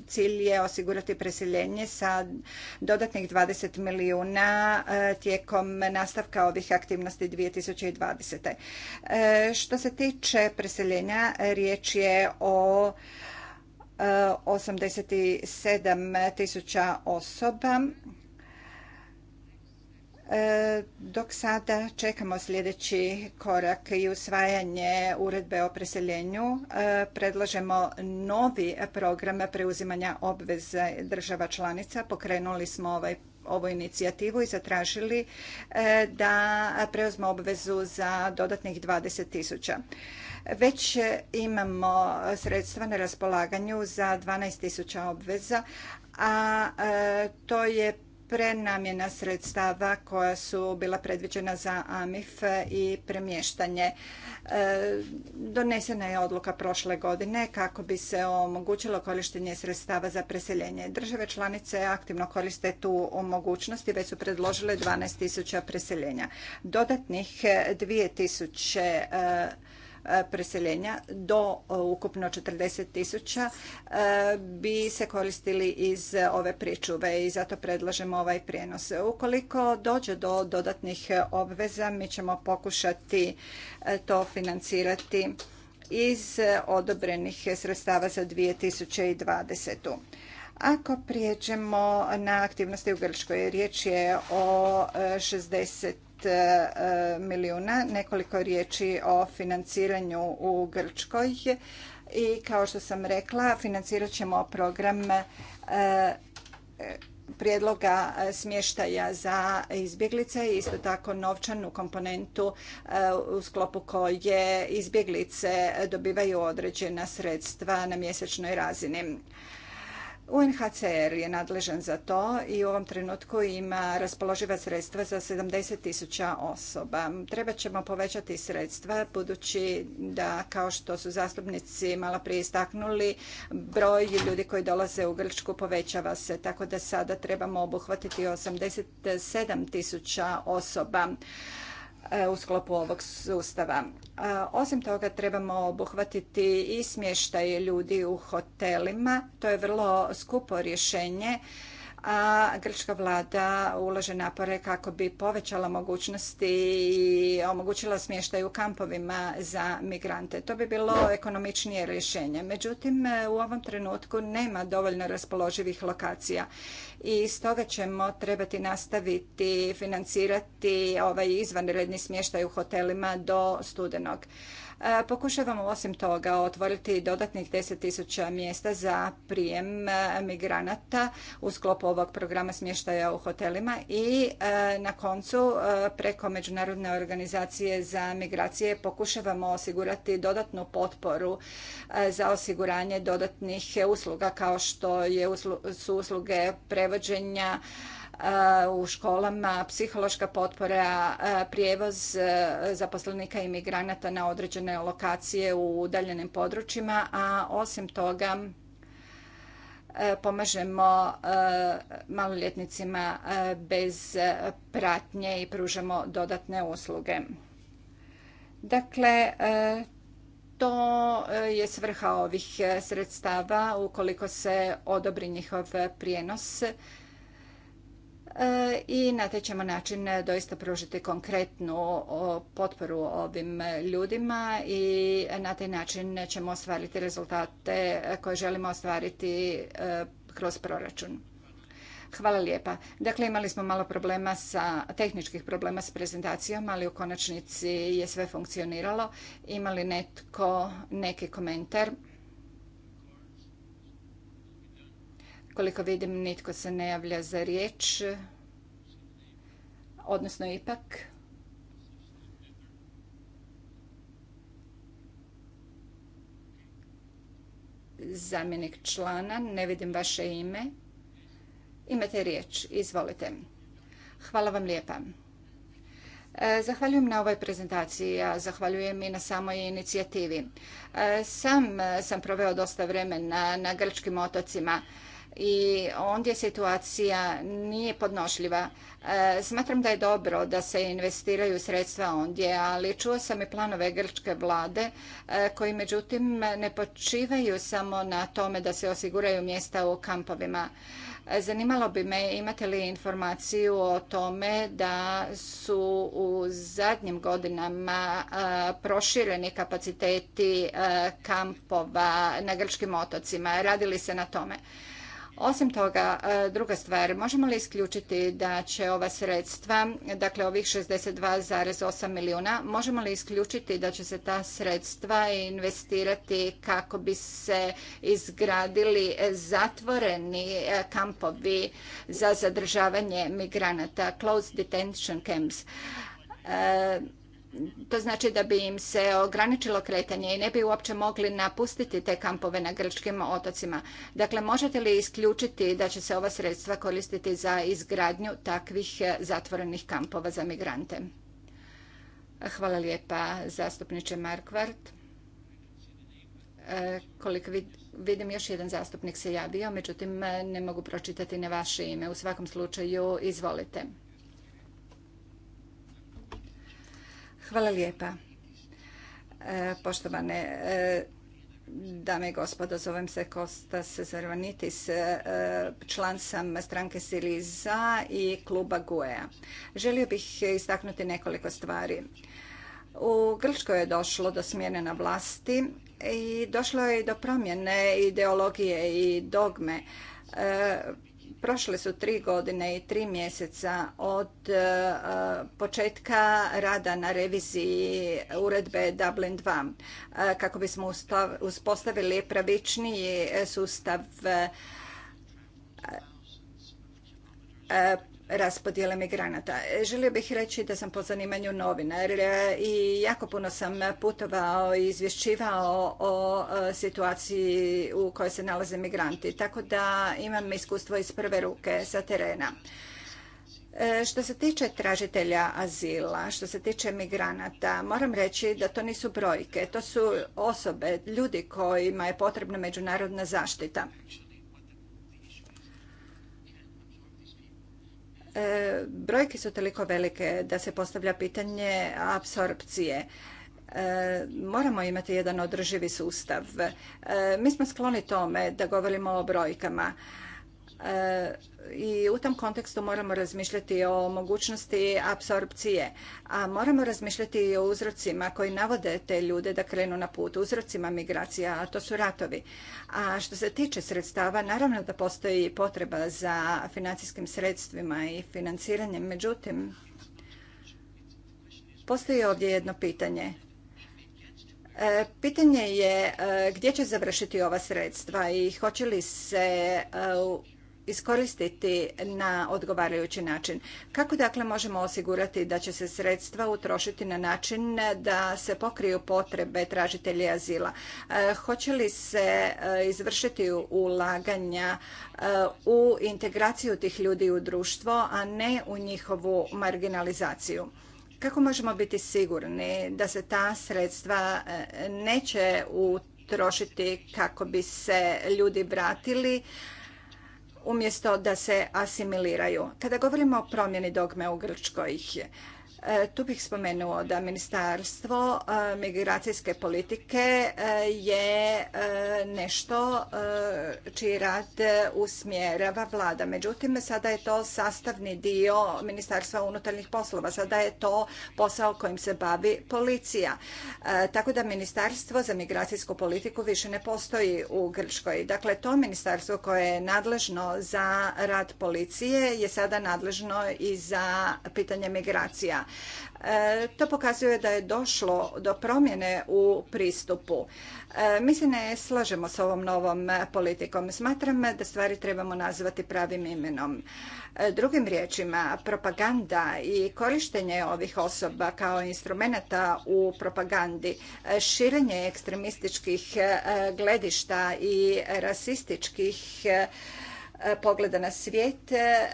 cilj je osigurati preseljenje sa dodatnih 20 milijuna tijekom nastavka ovih aktivnosti 2020. Što se tiče preseljenja, riječ je o 87 tisuća osoba E, dok sada čekamo sljedeći korak i usvajanje uredbe o preseljenju, e, predlažemo novi program preuzimanja obveze država članica. Pokrenuli smo ovaj ovu inicijativu i zatražili e, da preuzme obvezu za dodatnih 20 tisuća. Već imamo sredstva na raspolaganju za 12 tisuća obveza, a to je prenamjena sredstava koja su bila predviđena za AMIF i premještanje. E, donesena je odluka prošle godine kako bi se omogućilo korištenje sredstava za preseljenje. Države članice aktivno koriste tu mogućnost i već su predložile 12.000 preseljenja. Dodatnih 2.000 E, preseljenja do e, ukupno 40 tisuća e, bi se koristili iz ove pričuve i zato predlažemo ovaj prijenos. Ukoliko dođe do dodatnih obveza mi ćemo pokušati to financirati iz odobrenih sredstava za 2020. Ako prijeđemo na aktivnosti u Grčkoj, riječ je o 60 E, milijuna. Nekoliko riječi o financiranju u Grčkoj i kao što sam rekla financirat ćemo program e, prijedloga smještaja za izbjeglice i isto tako novčanu komponentu e, u sklopu koje izbjeglice dobivaju određena sredstva na mjesečnoj razini. UNHCR je nadležan za to i u ovom trenutku ima raspoloživa sredstva za 70 tisuća osoba. Treba ćemo povećati sredstva budući da, kao što su zastupnici malo prije istaknuli, broj ljudi koji dolaze u Grčku povećava se, tako da sada trebamo obuhvatiti 87 tisuća osoba E, u sklopu ovog sustava. E, osim toga trebamo obuhvatiti i smještaj ljudi u hotelima. To je vrlo skupo rješenje a grčka vlada ulaže napore kako bi povećala mogućnosti i omogućila smještaj u kampovima za migrante. To bi bilo ekonomičnije rješenje. Međutim, u ovom trenutku nema dovoljno raspoloživih lokacija i stoga ćemo trebati nastaviti financirati ovaj izvanredni smještaj u hotelima do studenog. E, pokušavamo osim toga otvoriti dodatnih 10.000 mjesta za prijem e, migranata u sklopu ovog programa smještaja u hotelima i e, na koncu preko Međunarodne organizacije za migracije pokušavamo osigurati dodatnu potporu za osiguranje dodatnih usluga kao što su usluge prevođenja, u školama, psihološka potpora, prijevoz e, zaposlenika i migranata na određene lokacije u udaljenim područjima, a osim toga e, pomažemo e, maloljetnicima bez pratnje i pružamo dodatne usluge. Dakle, to je svrha ovih sredstava ukoliko se odobri njihov prijenos E, i na taj ćemo način e, doista pružiti konkretnu potporu ovim e, ljudima i na taj način ćemo ostvariti rezultate koje želimo ostvariti kroz proračun. Hvala lijepa. Dakle, imali smo malo problema sa, tehničkih problema s prezentacijom, ali u konačnici je sve funkcioniralo. Imali netko neki komentar? Koliko vidim, nitko se ne javlja za riječ. Odnosno, ipak... Zamjenik člana, ne vidim vaše ime. Imate riječ, izvolite. Hvala vam lijepa. E, zahvaljujem na ovoj prezentaciji, a zahvaljujem i na samoj inicijativi. E, sam e, sam proveo dosta vremena na grčkim otocima i ondje situacija nije podnošljiva. E, smatram da je dobro da se investiraju sredstva ondje, ali čuo sam i planove grčke vlade e, koji međutim ne počivaju samo na tome da se osiguraju mjesta u kampovima. E, zanimalo bi me imate li informaciju o tome da su u zadnjim godinama prošireni kapaciteti kampova na grčkim otocima. Radili se na tome. Osim toga, e, druga stvar, možemo li isključiti da će ova sredstva, dakle ovih 62,8 milijuna, možemo li isključiti da će se ta sredstva investirati kako bi se izgradili zatvoreni e, kampovi za zadržavanje migranata, closed detention camps? E, to znači da bi im se ograničilo kretanje i ne bi uopće mogli napustiti te kampove na grčkim otocima. Dakle, možete li isključiti da će se ova sredstva koristiti za izgradnju takvih eh, zatvorenih kampova za migrante? Hvala lijepa, zastupniče Markvart. Eh, koliko vidim, još jedan zastupnik se javio, međutim eh, ne mogu pročitati na vaše ime. U svakom slučaju, izvolite. Hvala lijepa. E, poštovane e, dame i gospodo, zovem se Kostas Zervanitis, e, član sam stranke Siliza i kluba gue Želio bih istaknuti nekoliko stvari. U Grčkoj je došlo do smjene na vlasti i došlo je i do promjene ideologije i dogme prošle su tri godine i tri mjeseca od e, početka rada na reviziji uredbe Dublin 2 e, kako bismo uspostavili pravičniji sustav e, raspodjele migranata. Želio bih reći da sam po zanimanju novinar e, i jako puno sam putovao i izvješćivao o e, situaciji u kojoj se nalaze migranti, tako da imam iskustvo iz prve ruke sa terena. E, što se tiče tražitelja azila, što se tiče migranata, moram reći da to nisu brojke, to su osobe, ljudi kojima je potrebna međunarodna zaštita. E, brojke su toliko velike da se postavlja pitanje apsorpcije e, moramo imati jedan održivi sustav e, mi smo skloni tome da govorimo o brojkama i u tom kontekstu moramo razmišljati o mogućnosti apsorpcije, a moramo razmišljati i o uzrocima koji navode te ljude da krenu na put, uzrocima migracija, a to su ratovi. A što se tiče sredstava, naravno da postoji potreba za financijskim sredstvima i financiranjem, međutim, postoji ovdje jedno pitanje. E, pitanje je e, gdje će završiti ova sredstva i hoće li se e, iskoristiti na odgovarajući način. Kako dakle možemo osigurati da će se sredstva utrošiti na način da se pokriju potrebe tražitelja azila? E, hoće li se e, izvršiti ulaganja e, u integraciju tih ljudi u društvo, a ne u njihovu marginalizaciju? Kako možemo biti sigurni da se ta sredstva neće utrošiti kako bi se ljudi vratili umjesto da se asimiliraju. Kada govorimo o promjeni dogme u Grčkoj, E, tu bih spomenuo da Ministarstvo e, migracijske politike e, je nešto čiji rad usmjerava vlada. Međutim, sada je to sastavni dio Ministarstva unutarnjih poslova. Sada je to posao kojim se bavi policija. Tako da Ministarstvo za migracijsku politiku više ne postoji u Grčkoj. Dakle, to ministarstvo koje je nadležno za rad policije je sada nadležno i za pitanje migracija. E, to pokazuje da je došlo do promjene u pristupu. E, mi se ne slažemo s ovom novom politikom. Smatram da stvari trebamo nazvati pravim imenom. E, drugim riječima, propaganda i korištenje ovih osoba kao instrumenta u propagandi, širenje ekstremističkih gledišta i rasističkih E, pogleda na svijet, e,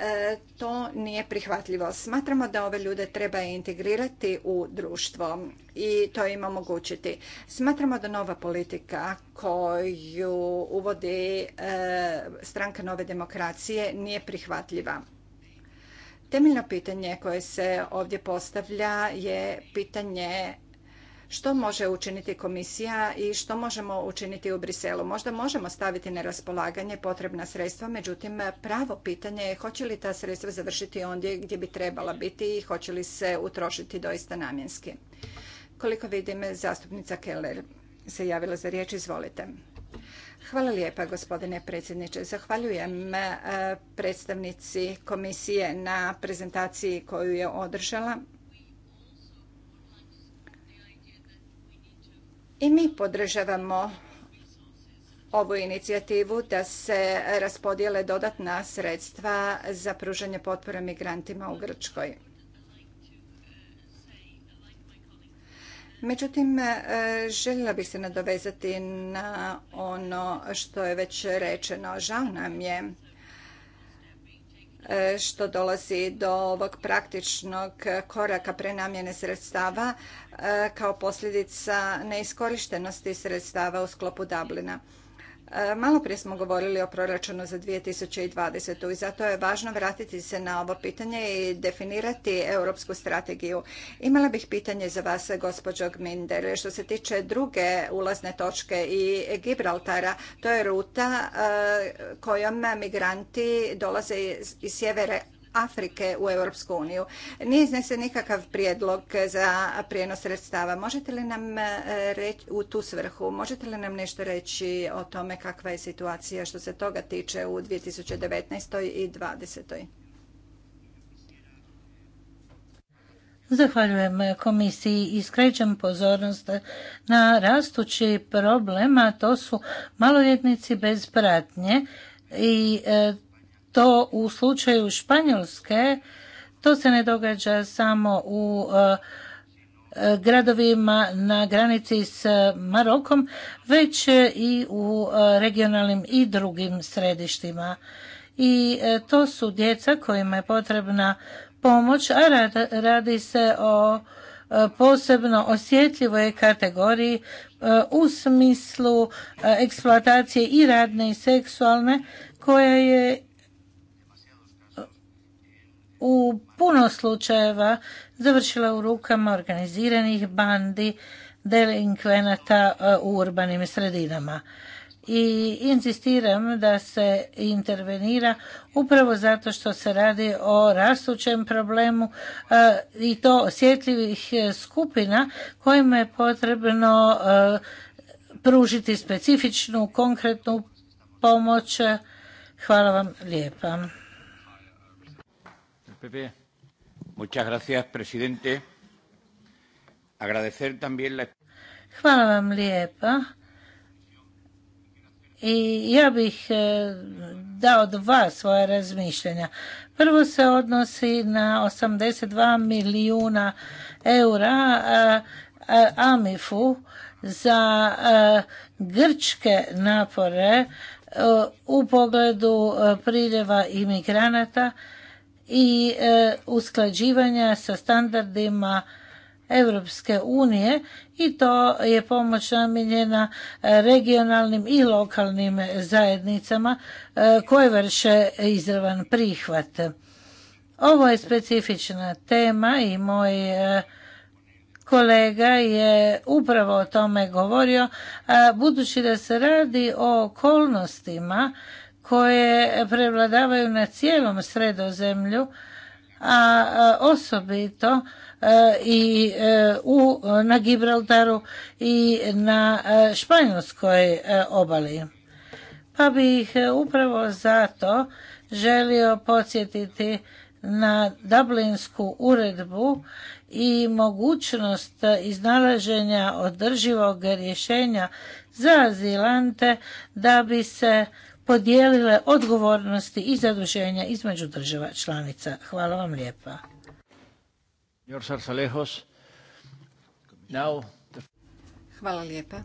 to nije prihvatljivo. Smatramo da ove ljude treba integrirati u društvo i to im omogućiti. Smatramo da nova politika koju uvodi e, stranka nove demokracije nije prihvatljiva. Temeljno pitanje koje se ovdje postavlja je pitanje što može učiniti komisija i što možemo učiniti u Briselu? Možda možemo staviti na raspolaganje potrebna sredstva, međutim pravo pitanje je hoće li ta sredstva završiti ondje gdje bi trebala biti i hoće li se utrošiti doista namjenski. Koliko vidim, zastupnica Keller se javila za riječ. Izvolite. Hvala lijepa, gospodine predsjedniče. Zahvaljujem e, predstavnici komisije na prezentaciji koju je održala. I mi podržavamo ovu inicijativu da se raspodijele dodatna sredstva za pružanje potpore migrantima u Grčkoj. Međutim, željela bih se nadovezati na ono što je već rečeno. Žao nam je E, što dolazi do ovog praktičnog koraka prenamjene sredstava e, kao posljedica neiskorištenosti sredstava u sklopu Dublina. Malo prije smo govorili o proračunu za 2020. i zato je važno vratiti se na ovo pitanje i definirati europsku strategiju. Imala bih pitanje za vas, gospođo Gminder. Što se tiče druge ulazne točke i Gibraltara, to je ruta eh, kojom migranti dolaze iz sjevere Afrike u Europsku uniju. Nije iznesen nikakav prijedlog za prijenos sredstava. Možete li nam e, reći u tu svrhu, možete li nam nešto reći o tome kakva je situacija što se toga tiče u 2019. i 2020. Zahvaljujem komisiji i skrećem pozornost na rastući problem, a to su maloljetnici bez pratnje i e, to u slučaju Španjolske, to se ne događa samo u e, e, gradovima na granici s Marokom, već e, i u regionalnim i drugim središtima. I to su djeca kojima je potrebna pomoć, a radi se o posebno osjetljivoj kategoriji u smislu eksploatacije i radne i seksualne koja je u puno slučajeva završila u rukama organiziranih bandi delinkvenata e, u urbanim sredinama. I insistiram da se intervenira upravo zato što se radi o rastućem problemu e, i to osjetljivih skupina kojima je potrebno e, pružiti specifičnu, konkretnu pomoć. Hvala vam lijepa. Hvala vam lijepa. I ja bih e, dao dva svoja razmišljenja. Prvo se odnosi na 82 milijuna eura e, e, amif za grčke napore u pogledu priljeva imigranata i e, usklađivanja sa standardima Europske unije i to je pomoć namijenjena e, regionalnim i lokalnim zajednicama e, koje vrše izravan prihvat. Ovo je specifična tema i moj kolega je upravo o tome govorio, budući da se radi o okolnostima koje prevladavaju na cijelom sredozemlju, a osobito e, i e, u, na Gibraltaru i na e, španjolskoj obali. Pa bih upravo zato želio podsjetiti na Dublinsku uredbu i mogućnost iznalaženja održivog rješenja za azilante da bi se podijelile odgovornosti i zaduženja između država članica. Hvala vam lijepa. Hvala lijepa.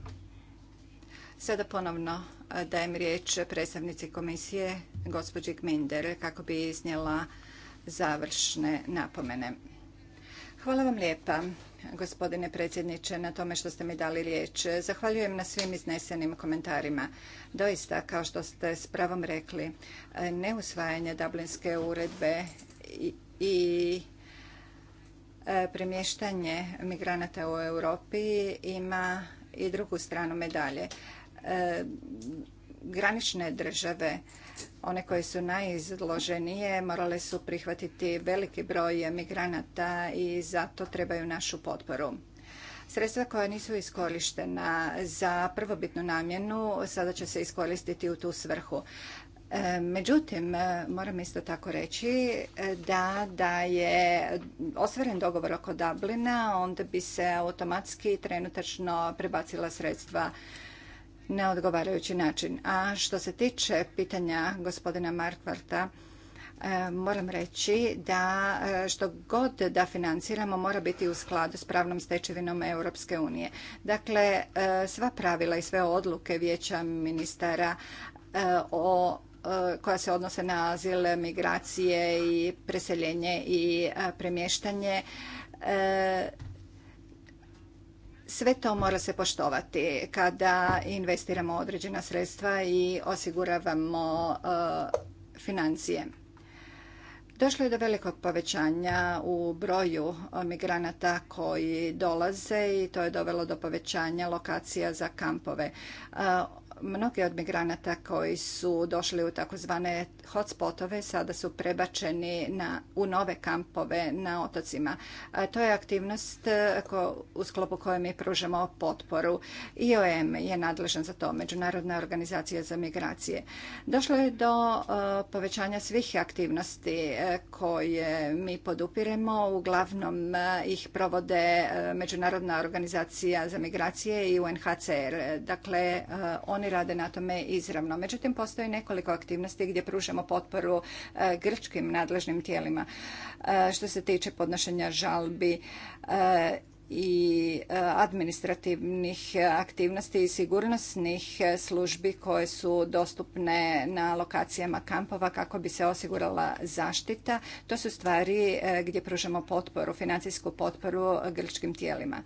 Sada ponovno eh, dajem riječ predstavnici komisije, gospođi Gminder, kako bi iznijela završne napomene. Hvala vam lijepa gospodine predsjedniče na tome što ste mi dali riječ. Zahvaljujem na svim iznesenim komentarima. Doista, kao što ste s pravom rekli, neusvajanje Dublinske uredbe i e, premještanje migranata u Europi ima i drugu stranu medalje. E, granične države one koje su najizloženije morale su prihvatiti veliki broj migranata i zato trebaju našu potporu. Sredstva koja nisu iskorištena za prvobitnu namjenu sada će se iskoristiti u tu svrhu. E, međutim, moram isto tako reći e, da, da je ostvaren dogovor oko Dublina, onda bi se automatski trenutačno prebacila sredstva na odgovarajući način. A što se tiče pitanja gospodina Markvarta, e, moram reći da e, što god da financiramo mora biti u skladu s pravnom stečevinom Europske unije. Dakle, e, sva pravila i sve odluke vijeća ministara o koja se odnose na azil, migracije i preseljenje i premještanje sve to mora se poštovati kada investiramo određena sredstva i osiguravamo e, financije. Došlo je do velikog povećanja u broju e, migranata koji dolaze i to je dovelo do povećanja lokacija za kampove. E, Mnogi od migranata koji su došli u takozvane hotspotove sada su prebačeni na, u nove kampove na otocima. To je aktivnost e, u sklopu koje mi pružamo potporu. IOM je nadležan za to, Međunarodna organizacija za migracije. Došlo je do e, povećanja svih aktivnosti e, koje mi podupiremo. Uglavnom ih provode Međunarodna organizacija za migracije i UNHCR. Dakle, oni oni rade na tome izravno. Međutim, postoji nekoliko aktivnosti gdje pružamo potporu e, grčkim nadležnim tijelima e, što se tiče podnošenja žalbi e, i e, administrativnih aktivnosti i sigurnosnih službi koje su dostupne na lokacijama kampova kako bi se osigurala zaštita. To su stvari e, gdje pružamo potporu, financijsku potporu grčkim tijelima.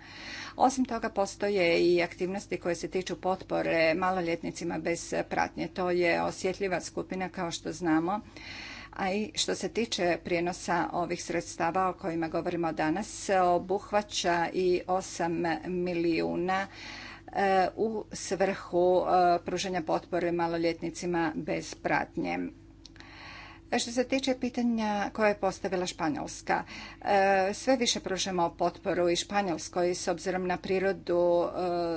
Osim toga postoje i aktivnosti koje se tiču potpore maloljetnicima bez pratnje. To je osjetljiva skupina kao što znamo a i što se tiče prijenosa ovih sredstava o kojima govorimo danas, obuhvaća i 8 milijuna e, u svrhu e, pružanja potpore maloljetnicima bez pratnje. Što se tiče pitanja koje je postavila Španjolska, e, sve više pružamo potporu i Španjolskoj s obzirom na prirodu e,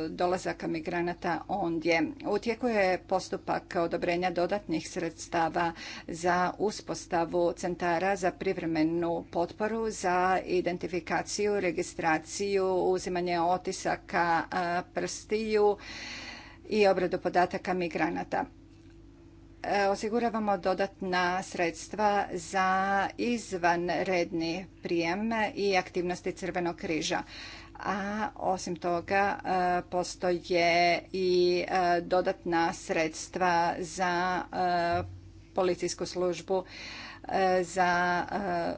dolazaka migranata ondje. U tijeku je postupak odobrenja dodatnih sredstava za uspostavu centara za privremenu potporu, za identifikaciju, registraciju, uzimanje otisaka e, prstiju i obradu podataka migranata. E, osiguravamo dodatna sredstva za izvanredni prijem i aktivnosti Crvenog križa. A osim toga e, postoje i e, dodatna sredstva za policijsku službu za,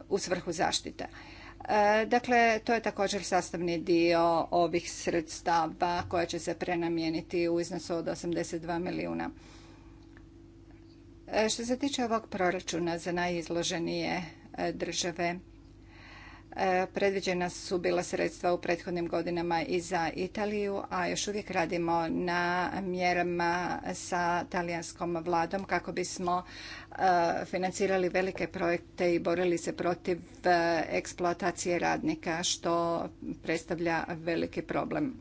u svrhu zaštite. Dakle, to je također sastavni dio ovih sredstava koja će se prenamijeniti u iznosu od 82 milijuna. E, što se tiče ovog proračuna za najizloženije e, države, e, predviđena su bila sredstva u prethodnim godinama i za Italiju, a još uvijek radimo na mjerama sa talijanskom vladom kako bismo financirali velike projekte i borili se protiv eksploatacije radnika, što predstavlja veliki problem.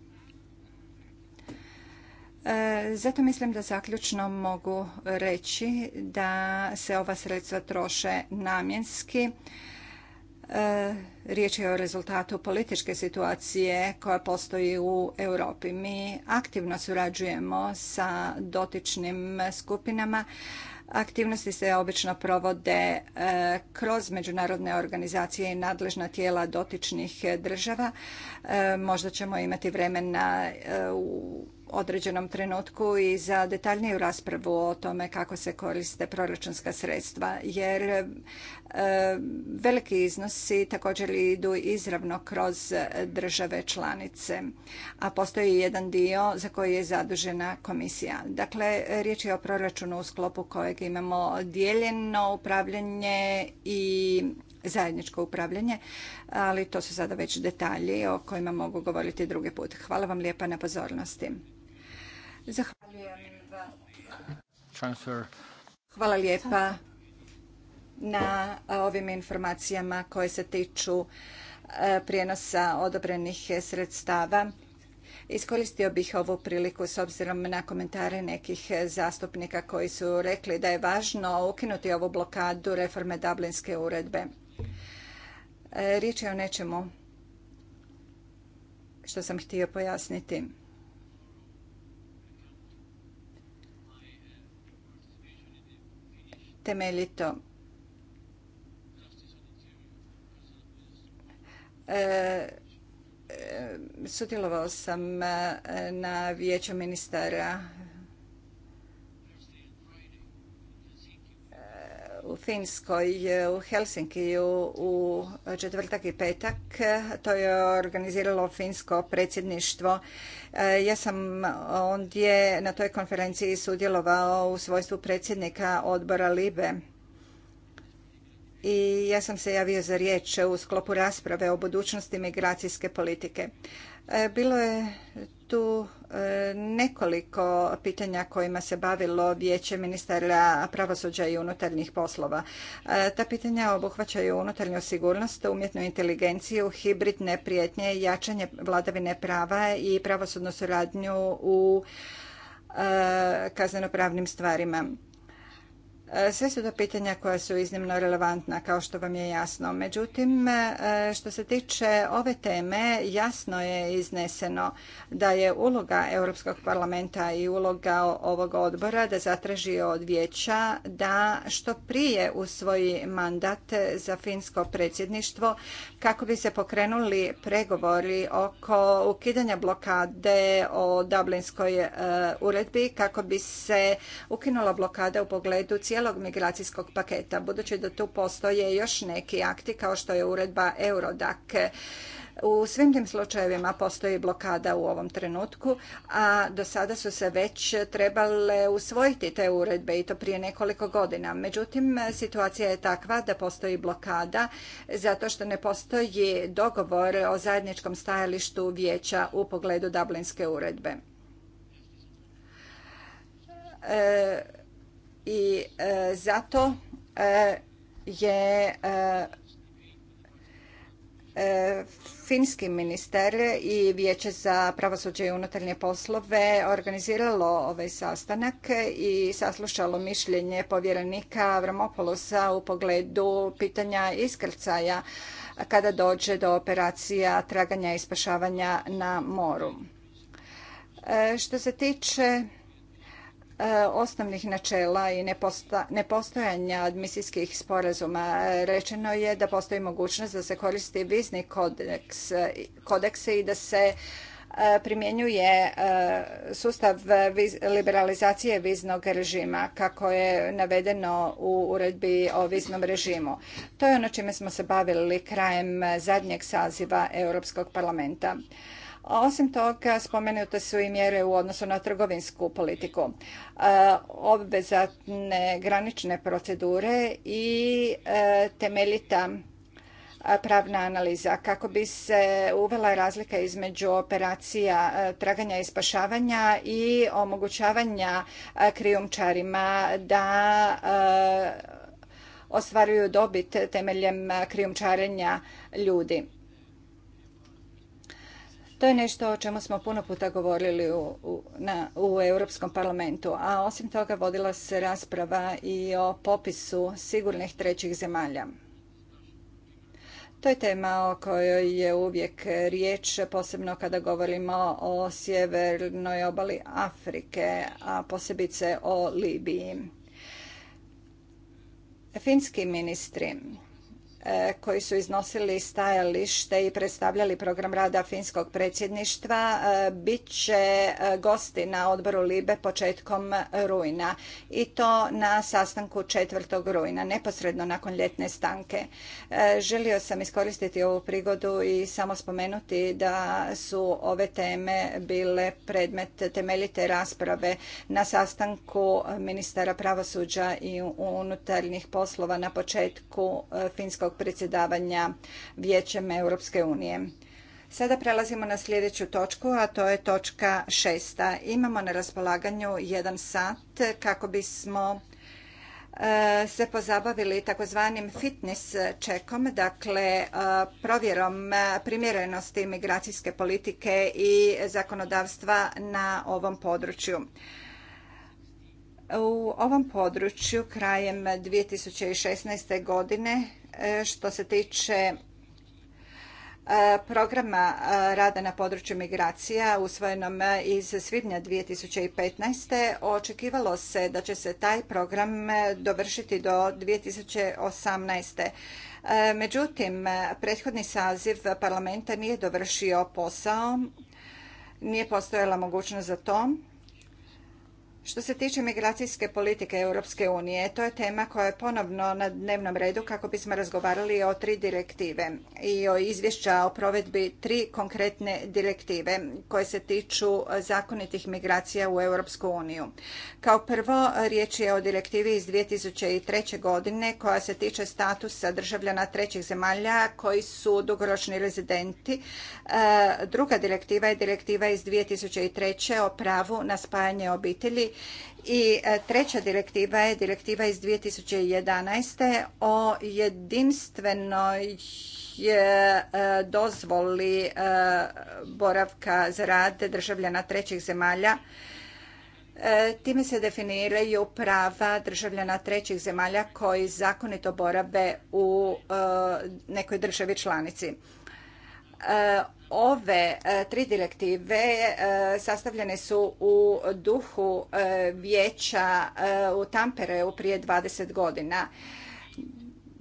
E, zato mislim da zaključno mogu reći da se ova sredstva troše namjenski. E, riječ je o rezultatu političke situacije koja postoji u Europi. Mi aktivno surađujemo sa dotičnim skupinama. Aktivnosti se obično provode e, kroz međunarodne organizacije i nadležna tijela dotičnih država. Možda ćemo imati vremena u određenom trenutku i za detaljniju raspravu o tome kako se koriste proračunska sredstva jer e, veliki iznosi također idu izravno kroz države članice, a postoji jedan dio za koji je zadužena komisija. Dakle, riječ je o proračunu u sklopu kojeg imamo dijeljeno upravljanje i zajedničko upravljanje, ali to su sada već detalji o kojima mogu govoriti drugi put. Hvala vam lijepa na pozornosti. Zahvaljujem Hvala lijepa na ovim informacijama koje se tiču e, prijenosa odobrenih sredstava. Iskoristio bih ovu priliku s obzirom na komentare nekih zastupnika koji su rekli da je važno ukinuti ovu blokadu reforme Dublinske uredbe. E, riječ je o nečemu što sam htio pojasniti. temeljito. E, e, sam e, na vijeću ministara u Finskoj, e, u Helsinkiju u četvrtak i petak. To je organiziralo finsko predsjedništvo. E, ja sam ondje na toj konferenciji sudjelovao u svojstvu predsjednika odbora LIBE i ja sam se javio za riječ u sklopu rasprave o budućnosti migracijske politike. E, bilo je tu nekoliko pitanja kojima se bavilo Vijeće ministara pravosuđa i unutarnjih poslova. E, ta pitanja obuhvaćaju unutarnju sigurnost, umjetnu inteligenciju, hibridne prijetnje, jačanje vladavine prava i pravosudnu suradnju u e, kaznenopravnim stvarima. E, sve su to pitanja koja su iznimno relevantna, kao što vam je jasno. Međutim, e, što se tiče ove teme, jasno je izneseno da je uloga Europskog parlamenta i uloga ovog odbora da zatraži od vijeća da što prije usvoji mandat za finsko predsjedništvo kako bi se pokrenuli pregovori oko ukidanja blokade o Dublinskoj e, uredbi kako bi se ukinula blokada u pogledu cijele cijelog migracijskog paketa, budući da tu postoje još neki akti kao što je uredba Eurodac. U svim tim slučajevima postoji blokada u ovom trenutku, a do sada su se već trebale usvojiti te uredbe i to prije nekoliko godina. Međutim, situacija je takva da postoji blokada zato što ne postoji dogovor o zajedničkom stajalištu vijeća u pogledu Dublinske uredbe. E, i e, zato e, je e, finski minister i vijeće za pravosuđe i unutarnje poslove organiziralo ovaj sastanak i saslušalo mišljenje povjerenika Vramopolosa u pogledu pitanja iskrcaja kada dođe do operacija traganja i spašavanja na moru. Što se tiče E, osnovnih načela i nepostojanja admisijskih sporazuma. Rečeno je da postoji mogućnost da se koristi vizni kodeks, i da se e, primjenjuje e, sustav liberalizacije viznog režima kako je navedeno u uredbi o viznom režimu. To je ono čime smo se bavili krajem zadnjeg saziva Europskog parlamenta osim toga, spomenute su i mjere u odnosu na trgovinsku politiku, e, obvezatne granične procedure i e, temeljita pravna analiza kako bi se uvela razlika između operacija e, traganja i spašavanja i omogućavanja krijumčarima da ostvaruju dobit temeljem krijumčarenja ljudi. To je nešto o čemu smo puno puta govorili u, na, u Europskom parlamentu, a osim toga vodila se rasprava i o popisu sigurnih trećih zemalja. To je tema o kojoj je uvijek riječ, posebno kada govorimo o sjevernoj obali Afrike, a posebice o Libiji. Finski ministri E, koji su iznosili stajalište i predstavljali program rada finskog predsjedništva e, bit će e, gosti na odboru Libe početkom rujna i to na sastanku 4. rujna, neposredno nakon ljetne stanke. Želio sam iskoristiti ovu prigodu i samo spomenuti da su ove teme bile predmet temeljite rasprave na sastanku ministara pravosuđa i unutarnjih poslova na početku finskog predsjedavanja Vijećem Europske unije. Sada prelazimo na sljedeću točku, a to je točka šesta. Imamo na raspolaganju jedan sat kako bismo e, se pozabavili takozvanim fitness checkom, dakle e, provjerom primjerenosti migracijske politike i zakonodavstva na ovom području. U ovom području krajem 2016. godine E, što se tiče e, programa e, rada na području migracija usvojenom iz svibnja 2015. očekivalo se da će se taj program dovršiti do 2018. Međutim, prethodni saziv parlamenta nije dovršio posao, nije postojala mogućnost za to što se tiče migracijske politike Europske unije, to je tema koja je ponovno na dnevnom redu kako bismo razgovarali o tri direktive i o izvješća o provedbi tri konkretne direktive koje se tiču zakonitih migracija u Europsku uniju. Kao prvo, riječ je o direktivi iz 2003. godine koja se tiče statusa državljana trećih zemalja koji su dugoročni rezidenti. E, druga direktiva je direktiva iz 2003. o pravu na spajanje obitelji i e, treća direktiva je direktiva iz 2011. o jedinstvenoj e, e, dozvoli boravka za rad državljana trećih zemalja Time se definiraju prava državljana trećih zemalja koji zakonito borave u nekoj državi članici. Ove e, tri direktive e, sastavljene su u duhu e, vijeća u Tampereu prije 20 godina.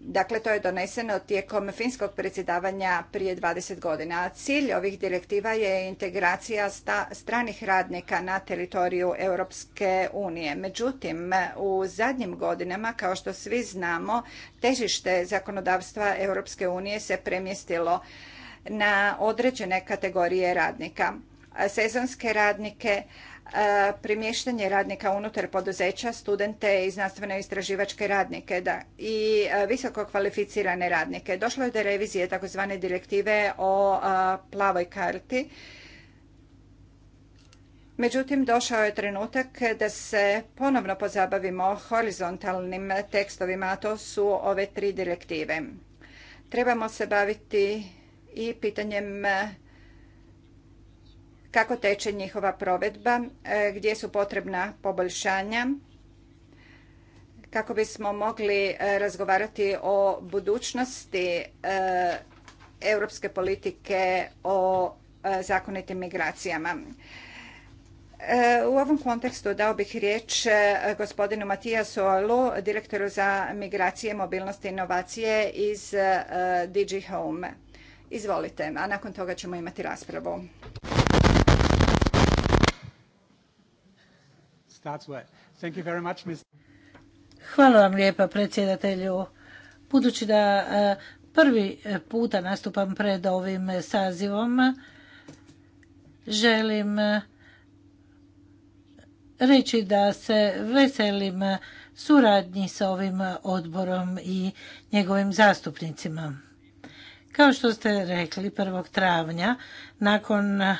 Dakle, to je doneseno tijekom finskog predsjedavanja prije 20 godina. Cilj ovih direktiva je integracija stranih radnika na teritoriju Europske unije. Međutim, u zadnjim godinama, kao što svi znamo, težište zakonodavstva Europske unije se premjestilo na određene kategorije radnika. Sezonske radnike, e, primještenje radnika unutar poduzeća, studente i znanstveno istraživačke radnike da, i e, visoko kvalificirane radnike. Došlo je do revizije takozvane direktive o e, plavoj karti. Međutim, došao je trenutak da se ponovno pozabavimo horizontalnim tekstovima, a to su ove tri direktive. Trebamo se baviti i pitanjem e, kako teče njihova provedba, e, gdje su potrebna poboljšanja kako bismo mogli e, razgovarati o budućnosti europske politike o zakonitim migracijama. U ovom kontekstu dao bih riječ gospodinu Matija Solu, direktoru za migracije, mobilnost i inovacije iz DG Home. Izvolite, a nakon toga ćemo imati raspravu. Hvala vam lijepa predsjedatelju. Budući da e, prvi puta nastupam pred ovim sazivom, želim e, reći da se veselim suradnji s ovim odborom i njegovim zastupnicima. Kao što ste rekli 1. travnja, nakon eh,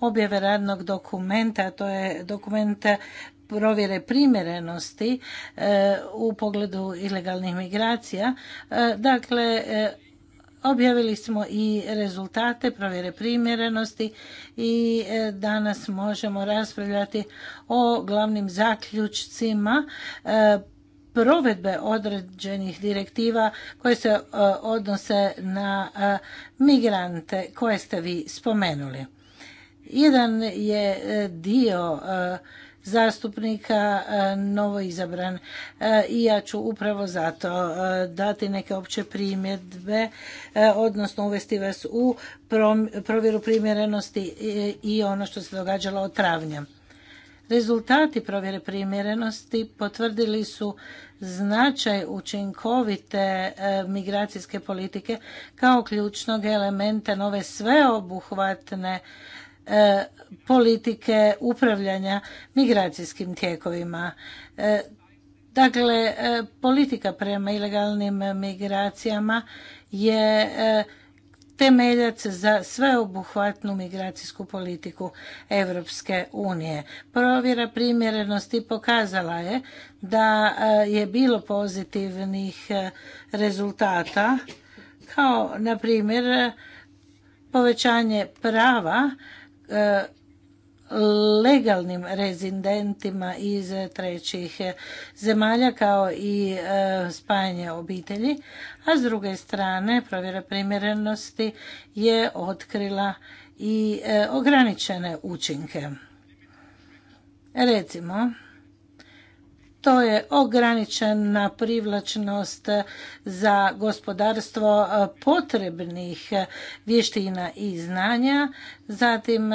objave radnog dokumenta, to je dokument eh, provjere primjerenosti eh, u pogledu ilegalnih migracija, dakle objavili smo i rezultate provjere primjerenosti i danas možemo raspravljati o glavnim zaključcima provedbe određenih direktiva koje se e, odnose na e, migrante koje ste vi spomenuli. Jedan je e, dio zastupnika novo izabran i ja ću upravo zato dati neke opće primjedbe, odnosno uvesti vas u provjeru primjerenosti i ono što se događalo od travnja. Rezultati provjere primjerenosti potvrdili su značaj učinkovite e, migracijske politike kao ključnog elementa nove sveobuhvatne e, politike upravljanja migracijskim tijekovima. E, dakle, politika prema ilegalnim migracijama je temeljac za sveobuhvatnu migracijsku politiku Europske unije. Provjera primjerenosti pokazala je da eh, je bilo pozitivnih eh, rezultata kao na primjer eh, povećanje prava legalnim rezidentima iz trećih zemalja kao i e, spajanje obitelji, a s druge strane provjera primjerenosti je otkrila i e, ograničene učinke. Recimo, to je ograničena privlačnost za gospodarstvo e, potrebnih vještina i znanja, zatim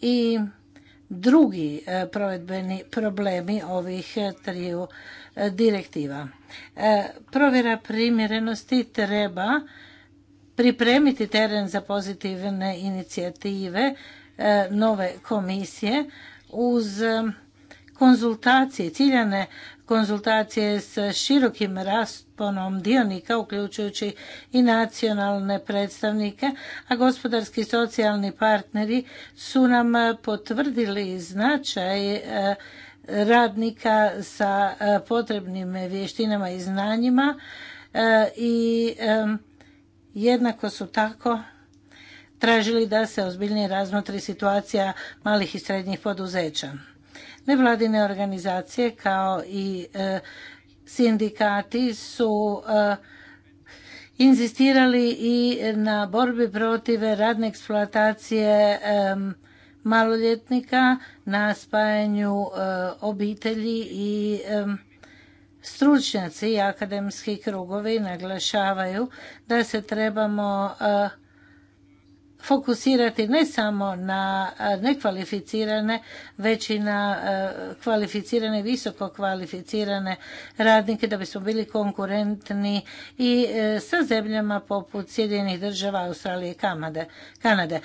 i drugi e, provedbeni problemi ovih e, triju e, direktiva. Provjera primjerenosti treba pripremiti teren za pozitivne inicijative nove komisije uz konzultacije, ciljane konzultacije s širokim rasponom dionika, uključujući i nacionalne predstavnike, a gospodarski i socijalni partneri su nam potvrdili značaj e, radnika sa e, potrebnim vještinama i znanjima e, i jednako su tako tražili da se ozbiljnije razmotri situacija malih i srednjih poduzeća. Nevladine organizacije kao i e, sindikati su e, inzistirali i na borbi protiv radne eksploatacije e, maloljetnika na spajanju obitelji i stručnjaci i akademski krugovi naglašavaju da se trebamo fokusirati ne samo na e, nekvalificirane, već i na e, kvalificirane, visoko kvalificirane radnike da bismo bili konkurentni i e, sa zemljama poput Sjedinjenih država, Australije i Kanade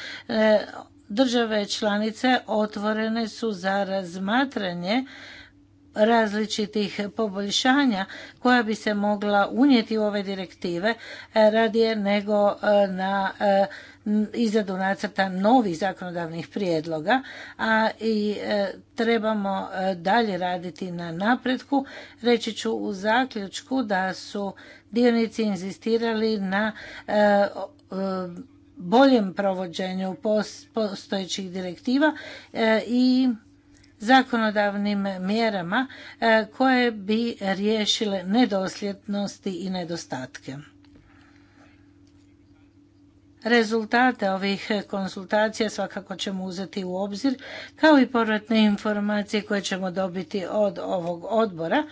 države članice otvorene su za razmatranje različitih poboljšanja koja bi se mogla unijeti u ove direktive radije nego na izradu nacrta novih zakonodavnih prijedloga, a i e, trebamo e, dalje raditi na napretku. Reći ću u zaključku da su dionici inzistirali na e, boljem provođenju postojećih direktiva i zakonodavnim mjerama koje bi riješile nedosljednosti i nedostatke. Rezultate ovih konsultacija svakako ćemo uzeti u obzir, kao i povratne informacije koje ćemo dobiti od ovog odbora,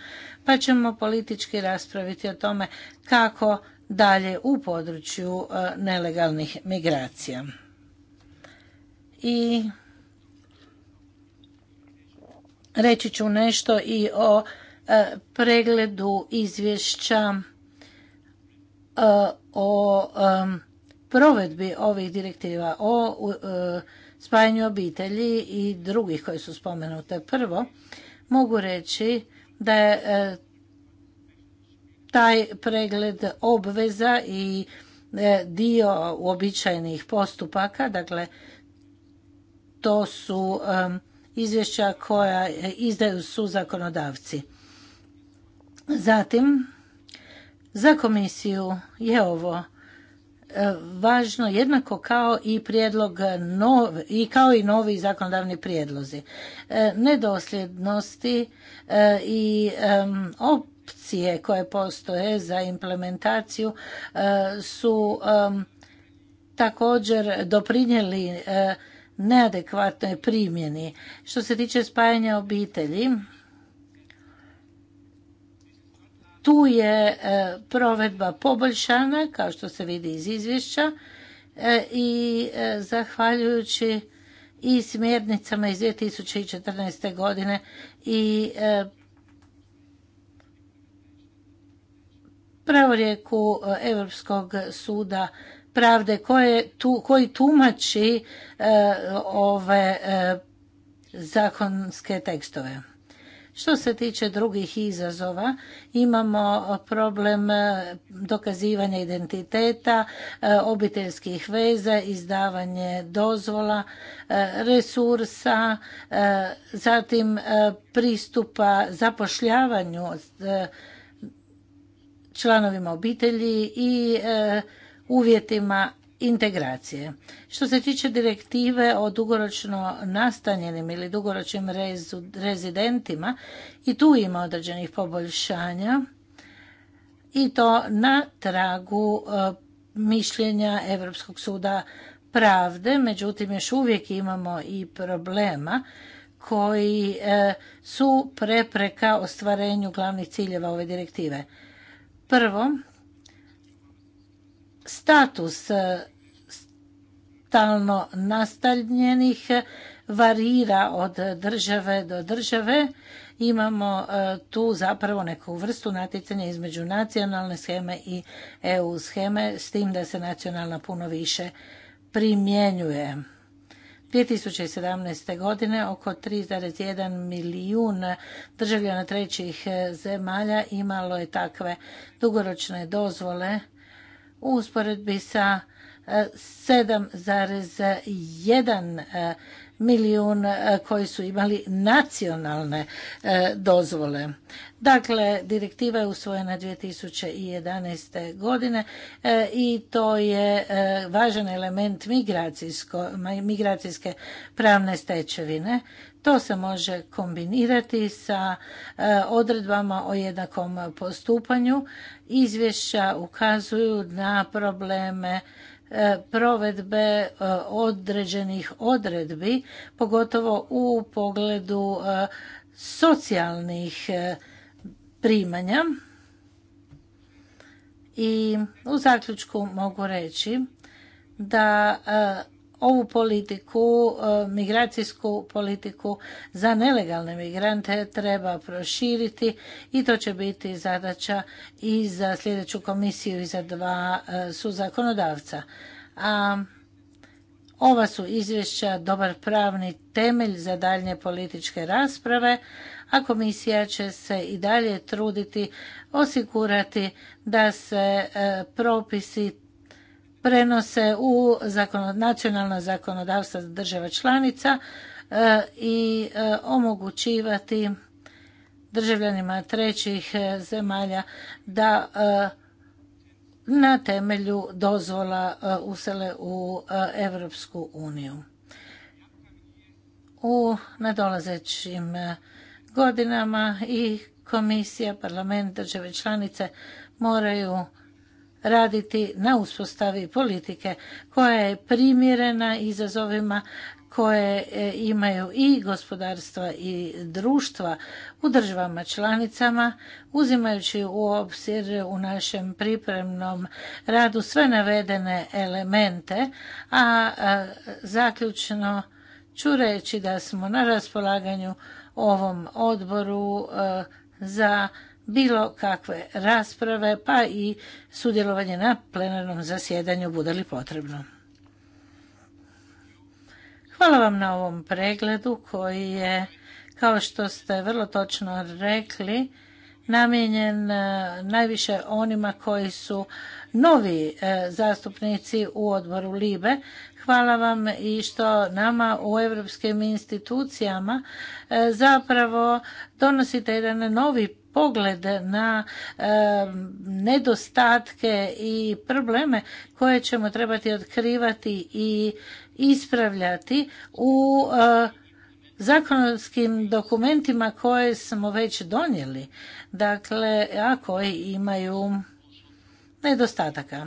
pa ćemo politički raspraviti o tome kako dalje u području e, nelegalnih migracija. I reći ću nešto i o e, pregledu izvješća e, o provedbi ovih direktiva o e, spajanju obitelji i drugih koje su spomenute. Prvo, mogu reći da je e, taj pregled obveza i e, dio uobičajenih postupaka, dakle to su izvješća koja izdaju su zakonodavci. Zatim, za komisiju je ovo važno jednako kao i prijedlog nov, i kao i novi zakonodavni prijedlozi. E, nedosljednosti e, i opcije koje postoje za implementaciju e, su također doprinijeli neadekvatnoj primjeni. Što se tiče spajanja obitelji, tu je e, provedba poboljšana, kao što se vidi iz izvješća, e, i e, zahvaljujući i smjernicama iz 2014. godine i pravorijeku Europskog suda pravde koji tumači ove zakonske tekstove. Što se tiče drugih izazova, imamo eh, problem eh, dokazivanja identiteta, eh, obiteljskih veza, izdavanje dozvola, resursa, zatim pristupa zapošljavanju članovima obitelji i uvjetima integracije. Što se tiče direktive o dugoročno nastanjenim ili dugoročnim rezidentima, i tu ima određenih poboljšanja i to na tragu e, mišljenja Europskog suda pravde, međutim još uvijek imamo i problema koji e, su prepreka ostvarenju glavnih ciljeva ove direktive. Prvo, status e, stalno nastavljenih e, varira od države do države. Imamo e, tu zapravo neku vrstu natjecanja između nacionalne scheme i EU scheme, s tim da se nacionalna puno više primjenjuje. 2017. godine oko 3,1 milijun državljana trećih zemalja imalo je takve dugoročne dozvole u usporedbi sa 7,1 e, e, milijun e, koji su imali nacionalne dozvole. Dakle, direktiva je usvojena 2011. godine i to je važan element migracijske pravne stečevine. To se može kombinirati sa e, odredbama o jednakom postupanju. Izvješća ukazuju na probleme e, provedbe e, određenih odredbi, pogotovo u pogledu socijalnih primanja. I u zaključku mogu reći da ovu politiku, e, migracijsku politiku za nelegalne migrante treba proširiti i to će biti zadaća i za sljedeću komisiju i za dva e, su zakonodavca. A ova su izvješća dobar pravni temelj za daljnje političke rasprave, a komisija će se i dalje truditi osigurati da se e, propisi prenose u nacionalna zakonodavstva država članica e, i e, omogućivati državljanima trećih e, zemalja da na temelju dozvola usele u Europsku uniju. U nadolazećim godinama i komisija, parlament, države članice moraju raditi na uspostavi politike koja je primjerena izazovima koje e, imaju i gospodarstva i društva u državama članicama, uzimajući u obzir u našem pripremnom radu sve navedene elemente, a zaključno ću reći da smo na raspolaganju ovom odboru e, za bilo kakve rasprave pa i sudjelovanje na plenarnom zasjedanju bude li potrebno. Hvala vam na ovom pregledu koji je, kao što ste vrlo točno rekli, namijenjen e, najviše onima koji su novi e, zastupnici u odboru Libe. Hvala vam i što nama u europskim institucijama e, zapravo donosite jedan novi pogled na nedostatke i probleme koje ćemo trebati otkrivati i ispravljati u eh, zakonskim dokumentima koje smo već donijeli dakle a koji imaju nedostataka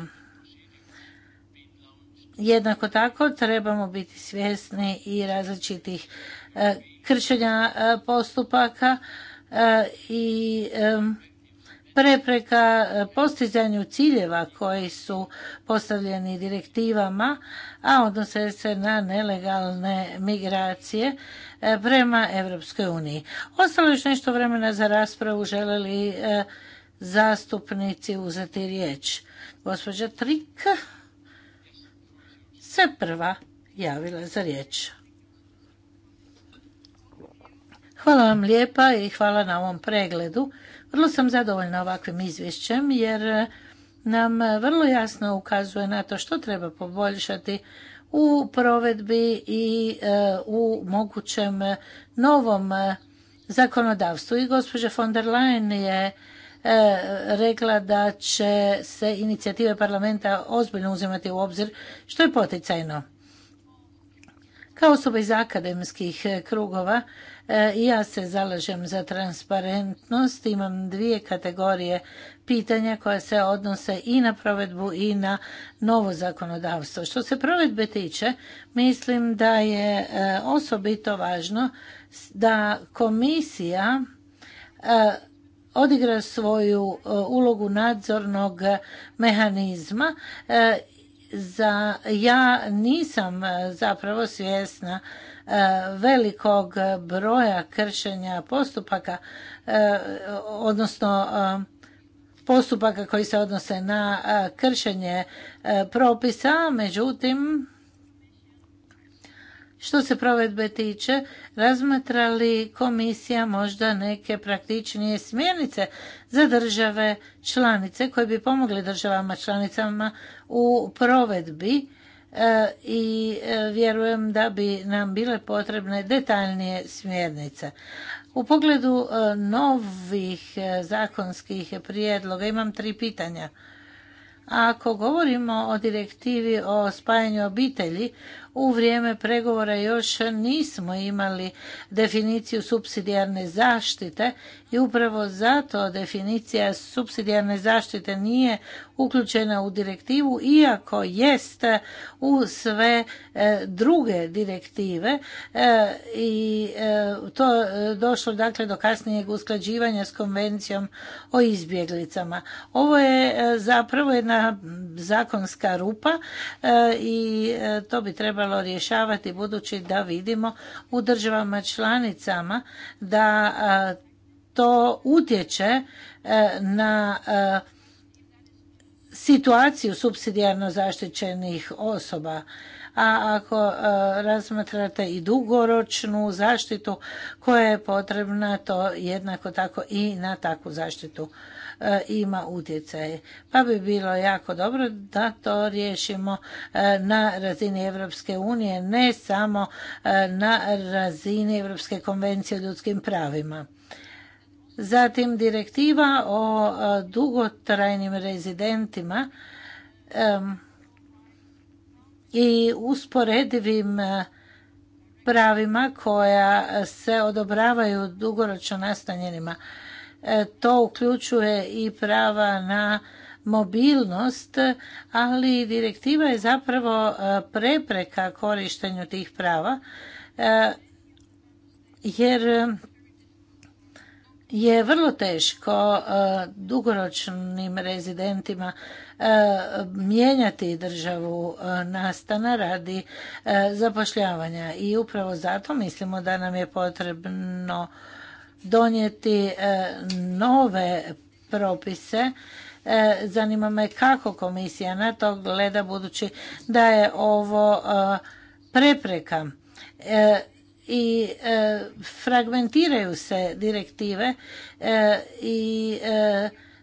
jednako tako trebamo biti svjesni i različitih eh, kršenja eh, postupaka i prepreka postizanju ciljeva koji su postavljeni direktivama, a odnose se na nelegalne migracije e, prema Europskoj uniji. Ostalo još nešto vremena za raspravu, žele li e, zastupnici uzeti riječ? Gospođa Trik se prva javila za riječ. Hvala vam lijepa i hvala na ovom pregledu. Vrlo sam zadovoljna ovakvim izvješćem jer e, nam e, vrlo jasno ukazuje na to što treba poboljšati u provedbi i e, u mogućem novom zakonodavstvu. I gospođa von der Leyen je rekla da će se inicijative parlamenta ozbiljno uzimati u obzir, što je poticajno. Kao osoba iz akademskih krugova E, ja se zalažem za transparentnost. Imam dvije kategorije pitanja koja se odnose i na provedbu i na novo zakonodavstvo. Što se provedbe tiče, mislim da je e, osobito važno da komisija e, odigra svoju ulogu nadzornog mehanizma za ja nisam zapravo svjesna E, velikog broja kršenja postupaka, e, odnosno e, postupaka koji se odnose na kršenje propisa, međutim, što se provedbe tiče, razmatra li komisija možda neke praktičnije smjernice za države članice koje bi pomogli državama članicama u provedbi E, i e, vjerujem da bi nam bile potrebne detaljnije smjernice. U pogledu e, novih zakonskih prijedloga imam tri pitanja. Ako govorimo o direktivi o spajanju obitelji, u vrijeme pregovora još nismo imali definiciju subsidijarne zaštite i upravo zato definicija subsidijarne zaštite nije uključena u direktivu iako jest u sve e, druge direktive e, i e, to došlo dakle do kasnijeg usklađivanja s konvencijom o izbjeglicama. Ovo je zapravo jedna zakonska rupa i to bi trebalo trebalo rješavati budući da vidimo u državama članicama da to utječe e, na e, situaciju subsidijarno zaštićenih osoba a ako e, razmatrate i dugoročnu zaštitu koja je potrebna to jednako tako i na takvu zaštitu E, ima utjecaj. Pa bi bilo jako dobro da to riješimo e, na razini Europske unije, ne samo e, na razini Europske konvencije o ljudskim pravima. Zatim direktiva o dugotrajnim rezidentima i usporedivim pravima koja se odobravaju dugoročno nastanjenima E, to uključuje i prava na mobilnost, ali direktiva je zapravo e, prepreka korištenju tih prava, e, jer je vrlo teško dugoročnim rezidentima mijenjati državu nastana radi zapošljavanja i upravo zato mislimo da nam je potrebno donijeti e, nove propise. E, zanima me kako komisija na to gleda budući da je ovo e, prepreka i fragmentiraju se direktive i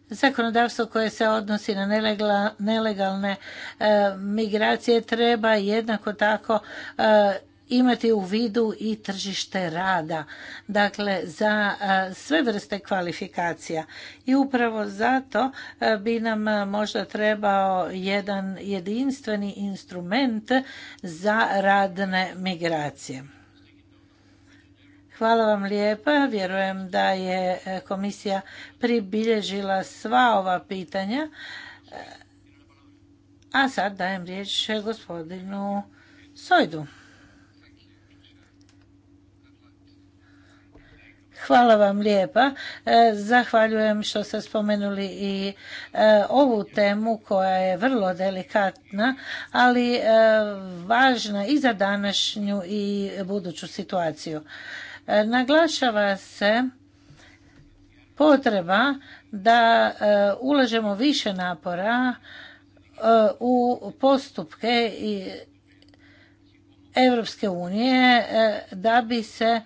zakonodavstvo koje se odnosi na nelegalne migracije treba jednako tako imati u vidu i tržište rada, dakle za sve vrste kvalifikacija. I upravo zato bi nam možda trebao jedan jedinstveni instrument za radne migracije. Hvala vam lijepa. Vjerujem da je komisija pribilježila sva ova pitanja. A sad dajem riječ gospodinu Sojdu. Hvala vam lijepa. E, zahvaljujem što ste spomenuli i e, ovu temu koja je vrlo delikatna, ali e, važna i za današnju i buduću situaciju. Naglašava se potreba da ulažemo više napora u postupke i Europske unije da bi se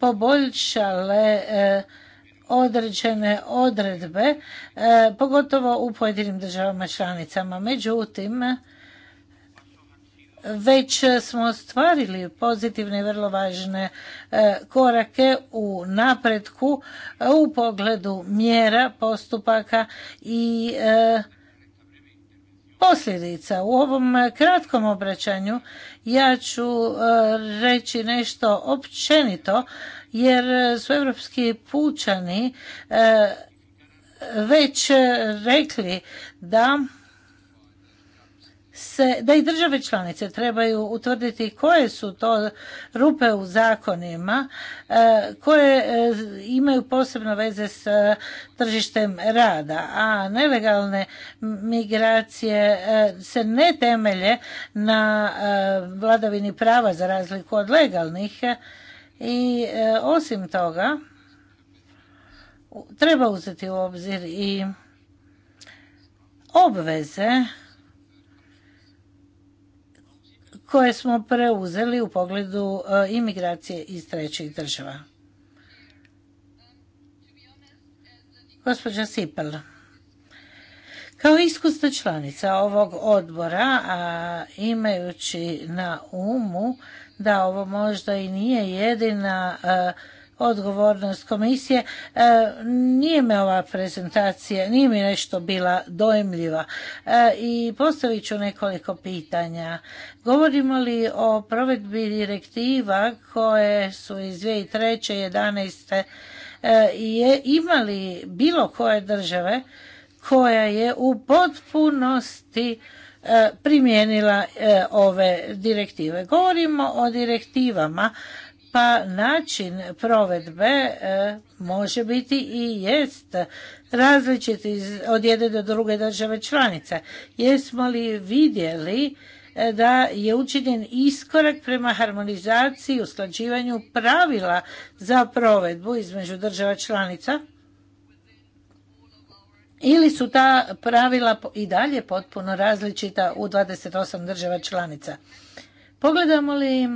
poboljšale e, određene odredbe, e, pogotovo u pojedinim državama članicama. Međutim, već smo ostvarili pozitivne i vrlo važne e, korake u napretku u pogledu mjera, postupaka i posljedica. U ovom kratkom obraćanju ja ću e, reći nešto općenito jer su europski pučani e, već rekli da se, da i države članice trebaju utvrditi koje su to rupe u zakonima e, koje e, imaju posebno veze s e, tržištem rada, a nelegalne migracije se ne temelje na vladavini prava za razliku od legalnih i osim toga treba uzeti u obzir i obveze koje smo preuzeli u pogledu e, imigracije iz trećih država. Gospođa Sipel, kao iskusna članica ovog odbora, a imajući na umu da ovo možda i nije jedina e, odgovornost komisije. E, nije me ova prezentacija, nije mi nešto bila dojemljiva. E, I postavit ću nekoliko pitanja. Govorimo li o provedbi direktiva koje su iz 2003. 11. E, je imali bilo koje države koja je u potpunosti primijenila ove direktive. Govorimo o direktivama pa način provedbe e, može biti i jest različit od jedne do druge države članice. Jesmo li vidjeli e, da je učinjen iskorak prema harmonizaciji i usklađivanju pravila za provedbu između država članica? Ili su ta pravila i dalje potpuno različita u 28 država članica? Pogledamo li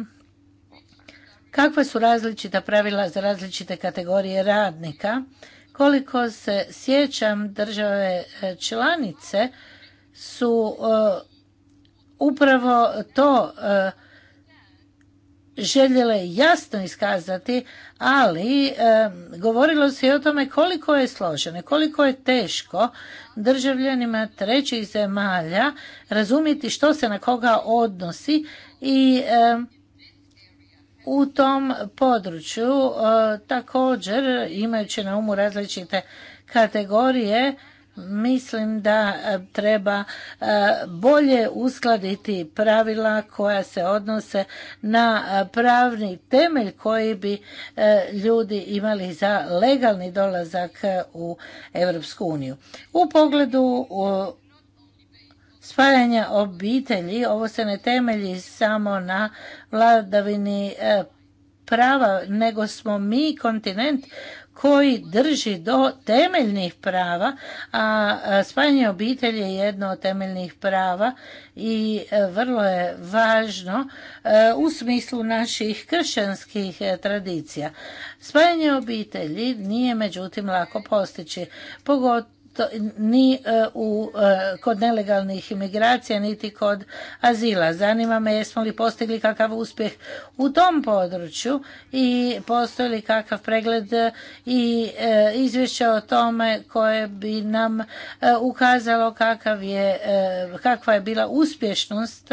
kakva su različita pravila za različite kategorije radnika. Koliko se sjećam, države e, članice su e, upravo to e, željele jasno iskazati, ali govorilo se i o tome koliko je složeno, koliko je teško državljanima trećih zemalja razumjeti što se na koga odnosi i u tom području. E, također, imajući na umu različite kategorije, mislim da e, treba e, bolje uskladiti pravila koja se odnose na pravni temelj koji bi ljudi imali za legalni dolazak u Europsku uniju. U pogledu spajanja obitelji. Ovo se ne temelji samo na vladavini e, prava, nego smo mi kontinent koji drži do temeljnih prava, a spajanje obitelji je jedno od temeljnih prava i e, vrlo je važno e, u smislu naših kršćanskih tradicija. Spajanje obitelji nije međutim lako postići, pogotovo ni e, u, e, kod nelegalnih imigracija niti kod azila. Zanima me jesmo li postigli kakav uspjeh u tom području i postoji li kakav pregled i e, izvješće o tome koje bi nam ukazalo kakav je, kakva je bila uspješnost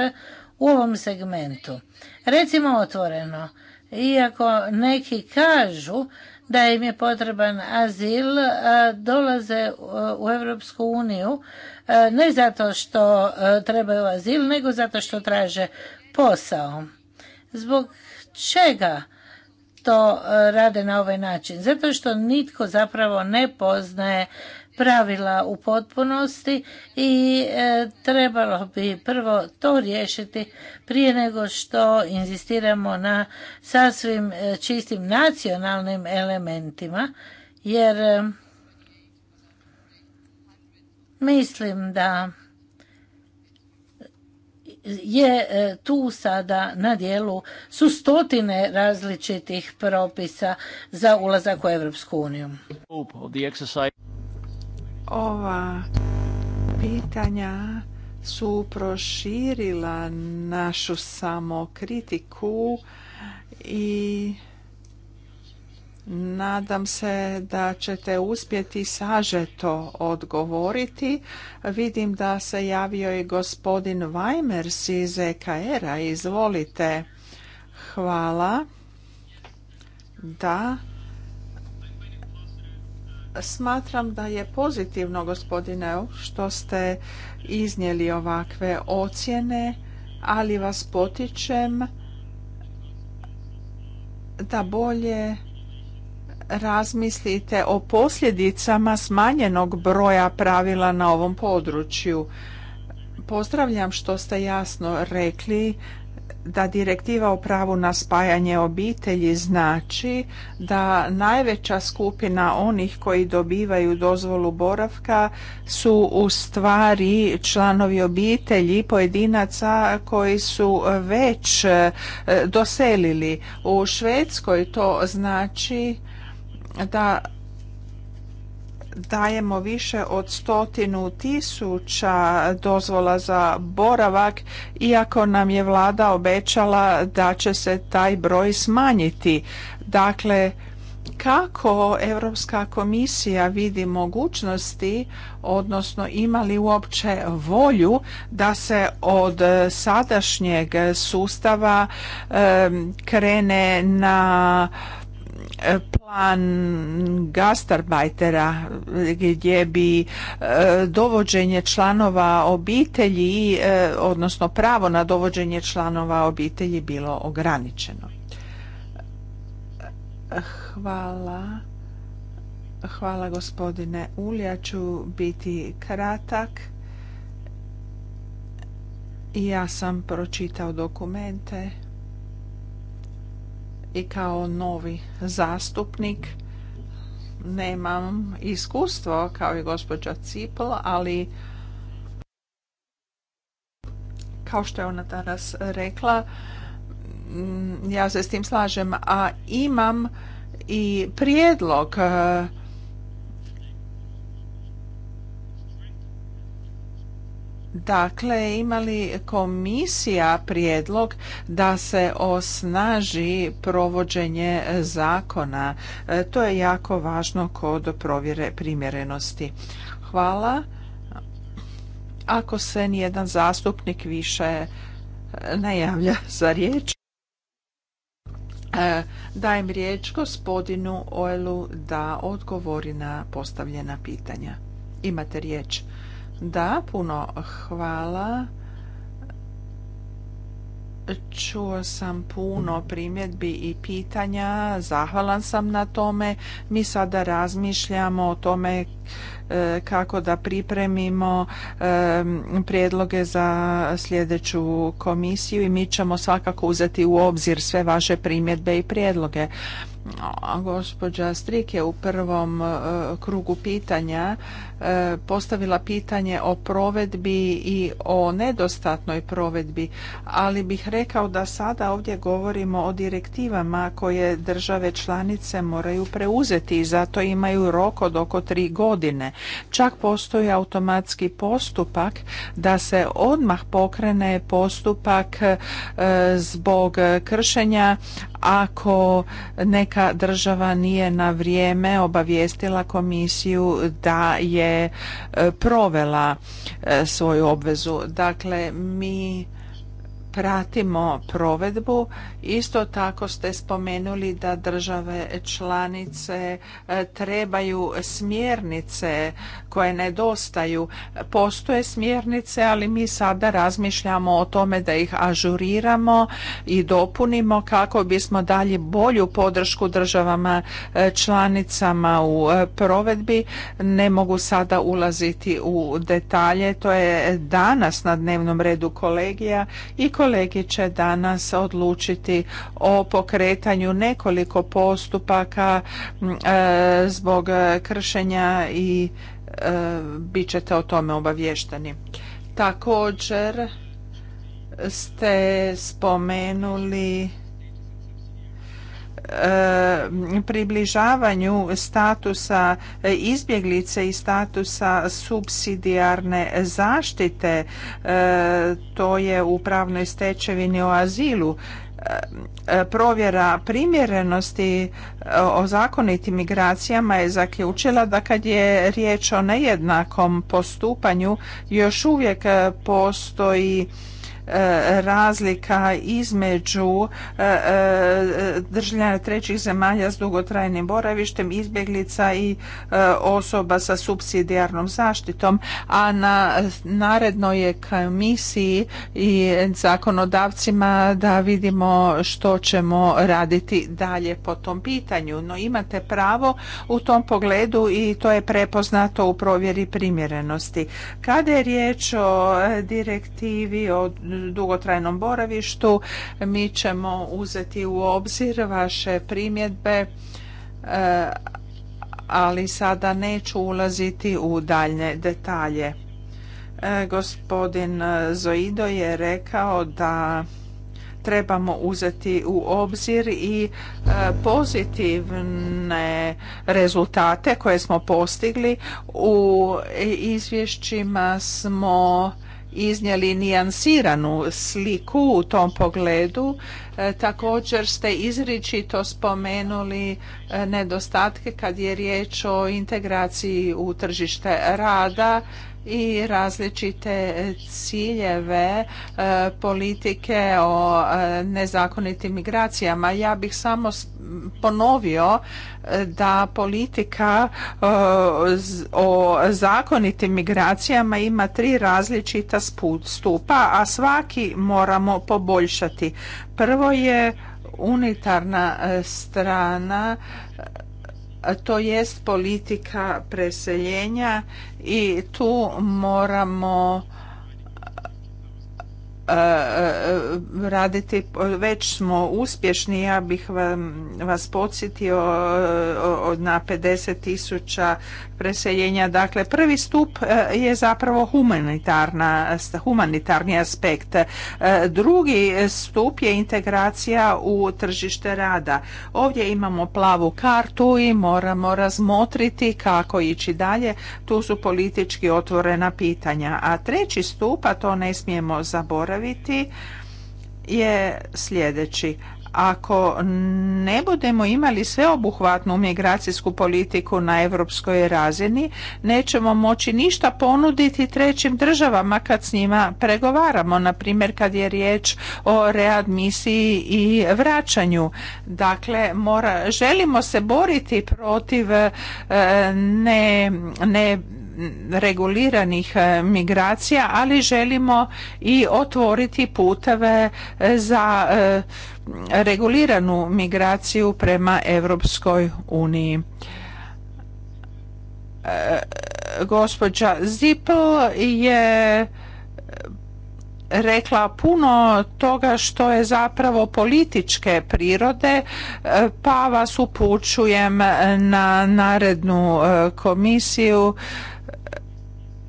u ovom segmentu. Recimo otvoreno, iako neki kažu da im je potreban azil, dolaze e, u Europsku uniju e, ne zato što e, trebaju azil, nego zato što traže posao. Zbog čega to rade na ovaj način? Zato što nitko zapravo ne poznaje pravila u potpunosti i e, trebalo bi prvo to riješiti prije nego što inzistiramo na sasvim e, čistim nacionalnim elementima jer e, mislim da je tu sada na dijelu su stotine različitih propisa za ulazak u Europsku uniju. Ova pitanja su proširila našu samokritiku i Nadam se da ćete uspjeti sažeto odgovoriti. Vidim da se javio i gospodin Weimers iz EKR-a. Izvolite. Hvala. Da, Smatram da je pozitivno, gospodine, što ste iznijeli ovakve ocjene, ali vas potičem da bolje razmislite o posljedicama smanjenog broja pravila na ovom području. Pozdravljam što ste jasno rekli da direktiva o pravu na spajanje obitelji znači da najveća skupina onih koji dobivaju dozvolu boravka su u stvari članovi obitelji pojedinaca koji su već e, doselili. U Švedskoj to znači da dajemo više od stotinu tisuća dozvola za boravak, iako nam je vlada obećala da će se taj broj smanjiti. Dakle, kako Europska komisija vidi mogućnosti, odnosno ima li uopće volju da se od sadašnjeg sustava krene na plan gastarbajtera gdje bi e, dovođenje članova obitelji, e, odnosno pravo na dovođenje članova obitelji bilo ograničeno. Hvala. Hvala gospodine Ulja, ću biti kratak. Ja sam pročitao dokumente i kao novi zastupnik nemam iskustvo kao i gospođa Cipl, ali kao što je ona danas rekla, mm, ja se s tim slažem, a imam i prijedlog e, Dakle, ima li komisija prijedlog da se osnaži provođenje zakona? E, to je jako važno kod provjere primjerenosti. Hvala. Ako se nijedan zastupnik više e, ne javlja za riječ, e, dajem riječ gospodinu Oelu da odgovori na postavljena pitanja. Imate riječ. Da, puno hvala. Čuo sam puno primjedbi i pitanja, zahvalan sam na tome. Mi sada razmišljamo o tome e, kako da pripremimo e, prijedloge za sljedeću komisiju i mi ćemo svakako uzeti u obzir sve vaše primjedbe i prijedloge. Gospođa Strik je u prvom e, krugu pitanja E, postavila pitanje o provedbi i o nedostatnoj provedbi, ali bih rekao da sada ovdje govorimo o direktivama koje države članice moraju preuzeti i zato imaju rok od oko tri godine. Čak postoji automatski postupak da se odmah pokrene postupak e, zbog kršenja ako neka država nije na vrijeme obavijestila komisiju da je E, provela e, svoju obvezu. Dakle, mi pratimo provedbu Isto tako ste spomenuli da države članice e, trebaju smjernice koje nedostaju. Postoje smjernice, ali mi sada razmišljamo o tome da ih ažuriramo i dopunimo kako bismo dali bolju podršku državama e, članicama u e, provedbi. Ne mogu sada ulaziti u detalje, to je danas na dnevnom redu kolegija i kolegi će danas odlučiti o pokretanju nekoliko postupaka e, zbog kršenja i e, bit ćete o tome obavješteni. Također ste spomenuli e, približavanju statusa izbjeglice i statusa subsidijarne zaštite to je u pravnoj stečevini o azilu E, e, provjera primjerenosti e, o zakonitim migracijama je zaključila da kad je riječ o nejednakom postupanju još uvijek postoji E, razlika između e, e, državljana trećih zemalja s dugotrajnim boravištem, izbjeglica i osoba sa subsidijarnom zaštitom, a na naredno je komisiji i zakonodavcima da vidimo što ćemo raditi dalje po tom pitanju. No imate pravo u tom pogledu i to je prepoznato u provjeri primjerenosti. Kada je riječ o direktivi o dugotrajnom boravištu. Mi ćemo uzeti u obzir vaše primjedbe, e, ali sada neću ulaziti u daljne detalje. E, gospodin Zoido je rekao da trebamo uzeti u obzir i e, pozitivne rezultate koje smo postigli. U izvješćima smo iznijeli nijansiranu sliku u tom pogledu. E, također ste izričito spomenuli e, nedostatke kad je riječ o integraciji u tržište rada i različite ciljeve e, politike o e, nezakonitim migracijama. Ja bih samo ponovio e, da politika o zakonitim migracijama ima tri različita stupa, a svaki moramo poboljšati. Prvo je unitarna strana to jest politika preseljenja i tu moramo e, e, raditi, već smo uspješni, ja bih vas podsjetio e, na 50 tisuća preseljenja. Dakle, prvi stup e, je zapravo humanitarna, humanitarni aspekt. E, drugi stup je integracija u tržište rada. Ovdje imamo plavu kartu i moramo razmotriti kako ići dalje. Tu su politički otvorena pitanja. A treći stup, a to ne smijemo zaboraviti, je sljedeći. Ako ne budemo imali sveobuhvatnu migracijsku politiku na europskoj razini, nećemo moći ništa ponuditi trećim državama kad s njima pregovaramo, na primjer kad je riječ o readmisiji i vraćanju. Dakle, mora, želimo se boriti protiv e, ne, ne reguliranih e, migracija, ali želimo i otvoriti puteve e, za e, reguliranu migraciju prema Europskoj uniji. Gospođa Zipel je rekla puno toga što je zapravo političke prirode, pa vas upućujem na narednu komisiju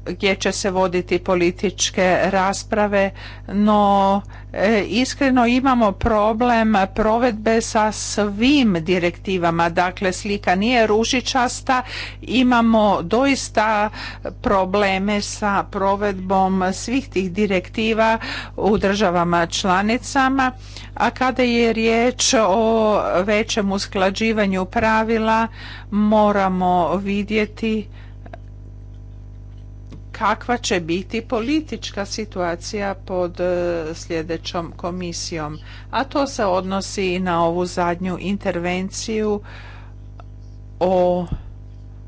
gdje će se voditi političke rasprave, no e, iskreno imamo problem provedbe sa svim direktivama. Dakle, slika nije ružičasta, imamo doista probleme sa provedbom svih tih direktiva u državama članicama, a kada je riječ o većem usklađivanju pravila moramo vidjeti kakva će biti politička situacija pod e, sljedećom komisijom. A to se odnosi i na ovu zadnju intervenciju o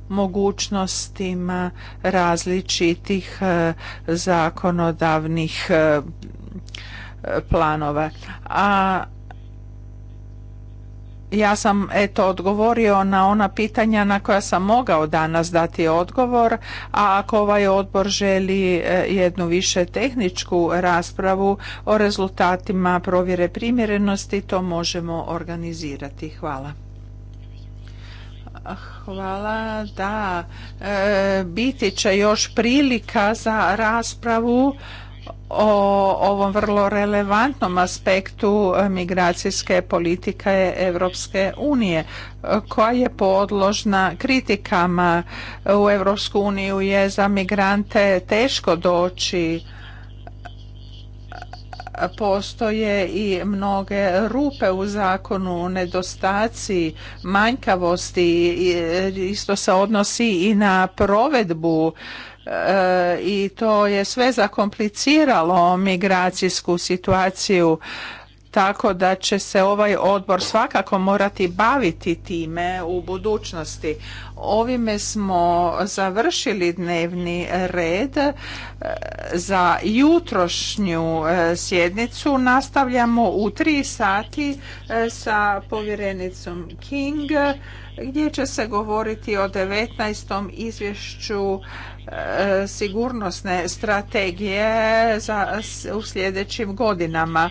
mogućnostima različitih e, zakonodavnih e, planova. A ja sam eto odgovorio na ona pitanja na koja sam mogao danas dati odgovor, a ako ovaj odbor želi e, jednu više tehničku raspravu o rezultatima provjere primjerenosti, to možemo organizirati. Hvala. Hvala, da. E, biti će još prilika za raspravu o ovom vrlo relevantnom aspektu e, migracijske politike Europske unije e, koja je podložna kritikama e, u Europsku uniju je za migrante teško doći postoje i mnoge rupe u zakonu, nedostaci, manjkavosti, isto se odnosi i na provedbu E, i to je sve zakompliciralo migracijsku situaciju tako da će se ovaj odbor svakako morati baviti time u budućnosti. Ovime smo završili dnevni red e, za jutrošnju e, sjednicu. Nastavljamo u tri sati sa povjerenicom King gdje će se govoriti o 19. izvješću E, sigurnosne strategije za, u sljedećim godinama.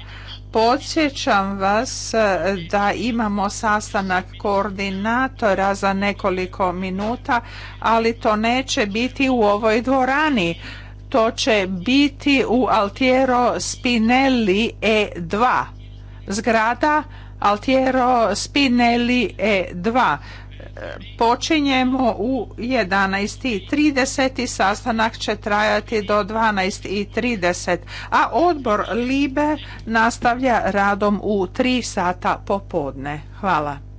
Podsjećam vas e, da imamo sastanak koordinatora za nekoliko minuta, ali to neće biti u ovoj dvorani. To će biti u Altiero Spinelli E2. Zgrada Altiero Spinelli E2 počinjemo u 11.30 i sastanak će trajati do 12.30, a odbor LIBE nastavlja radom u 3 sata popodne. Hvala.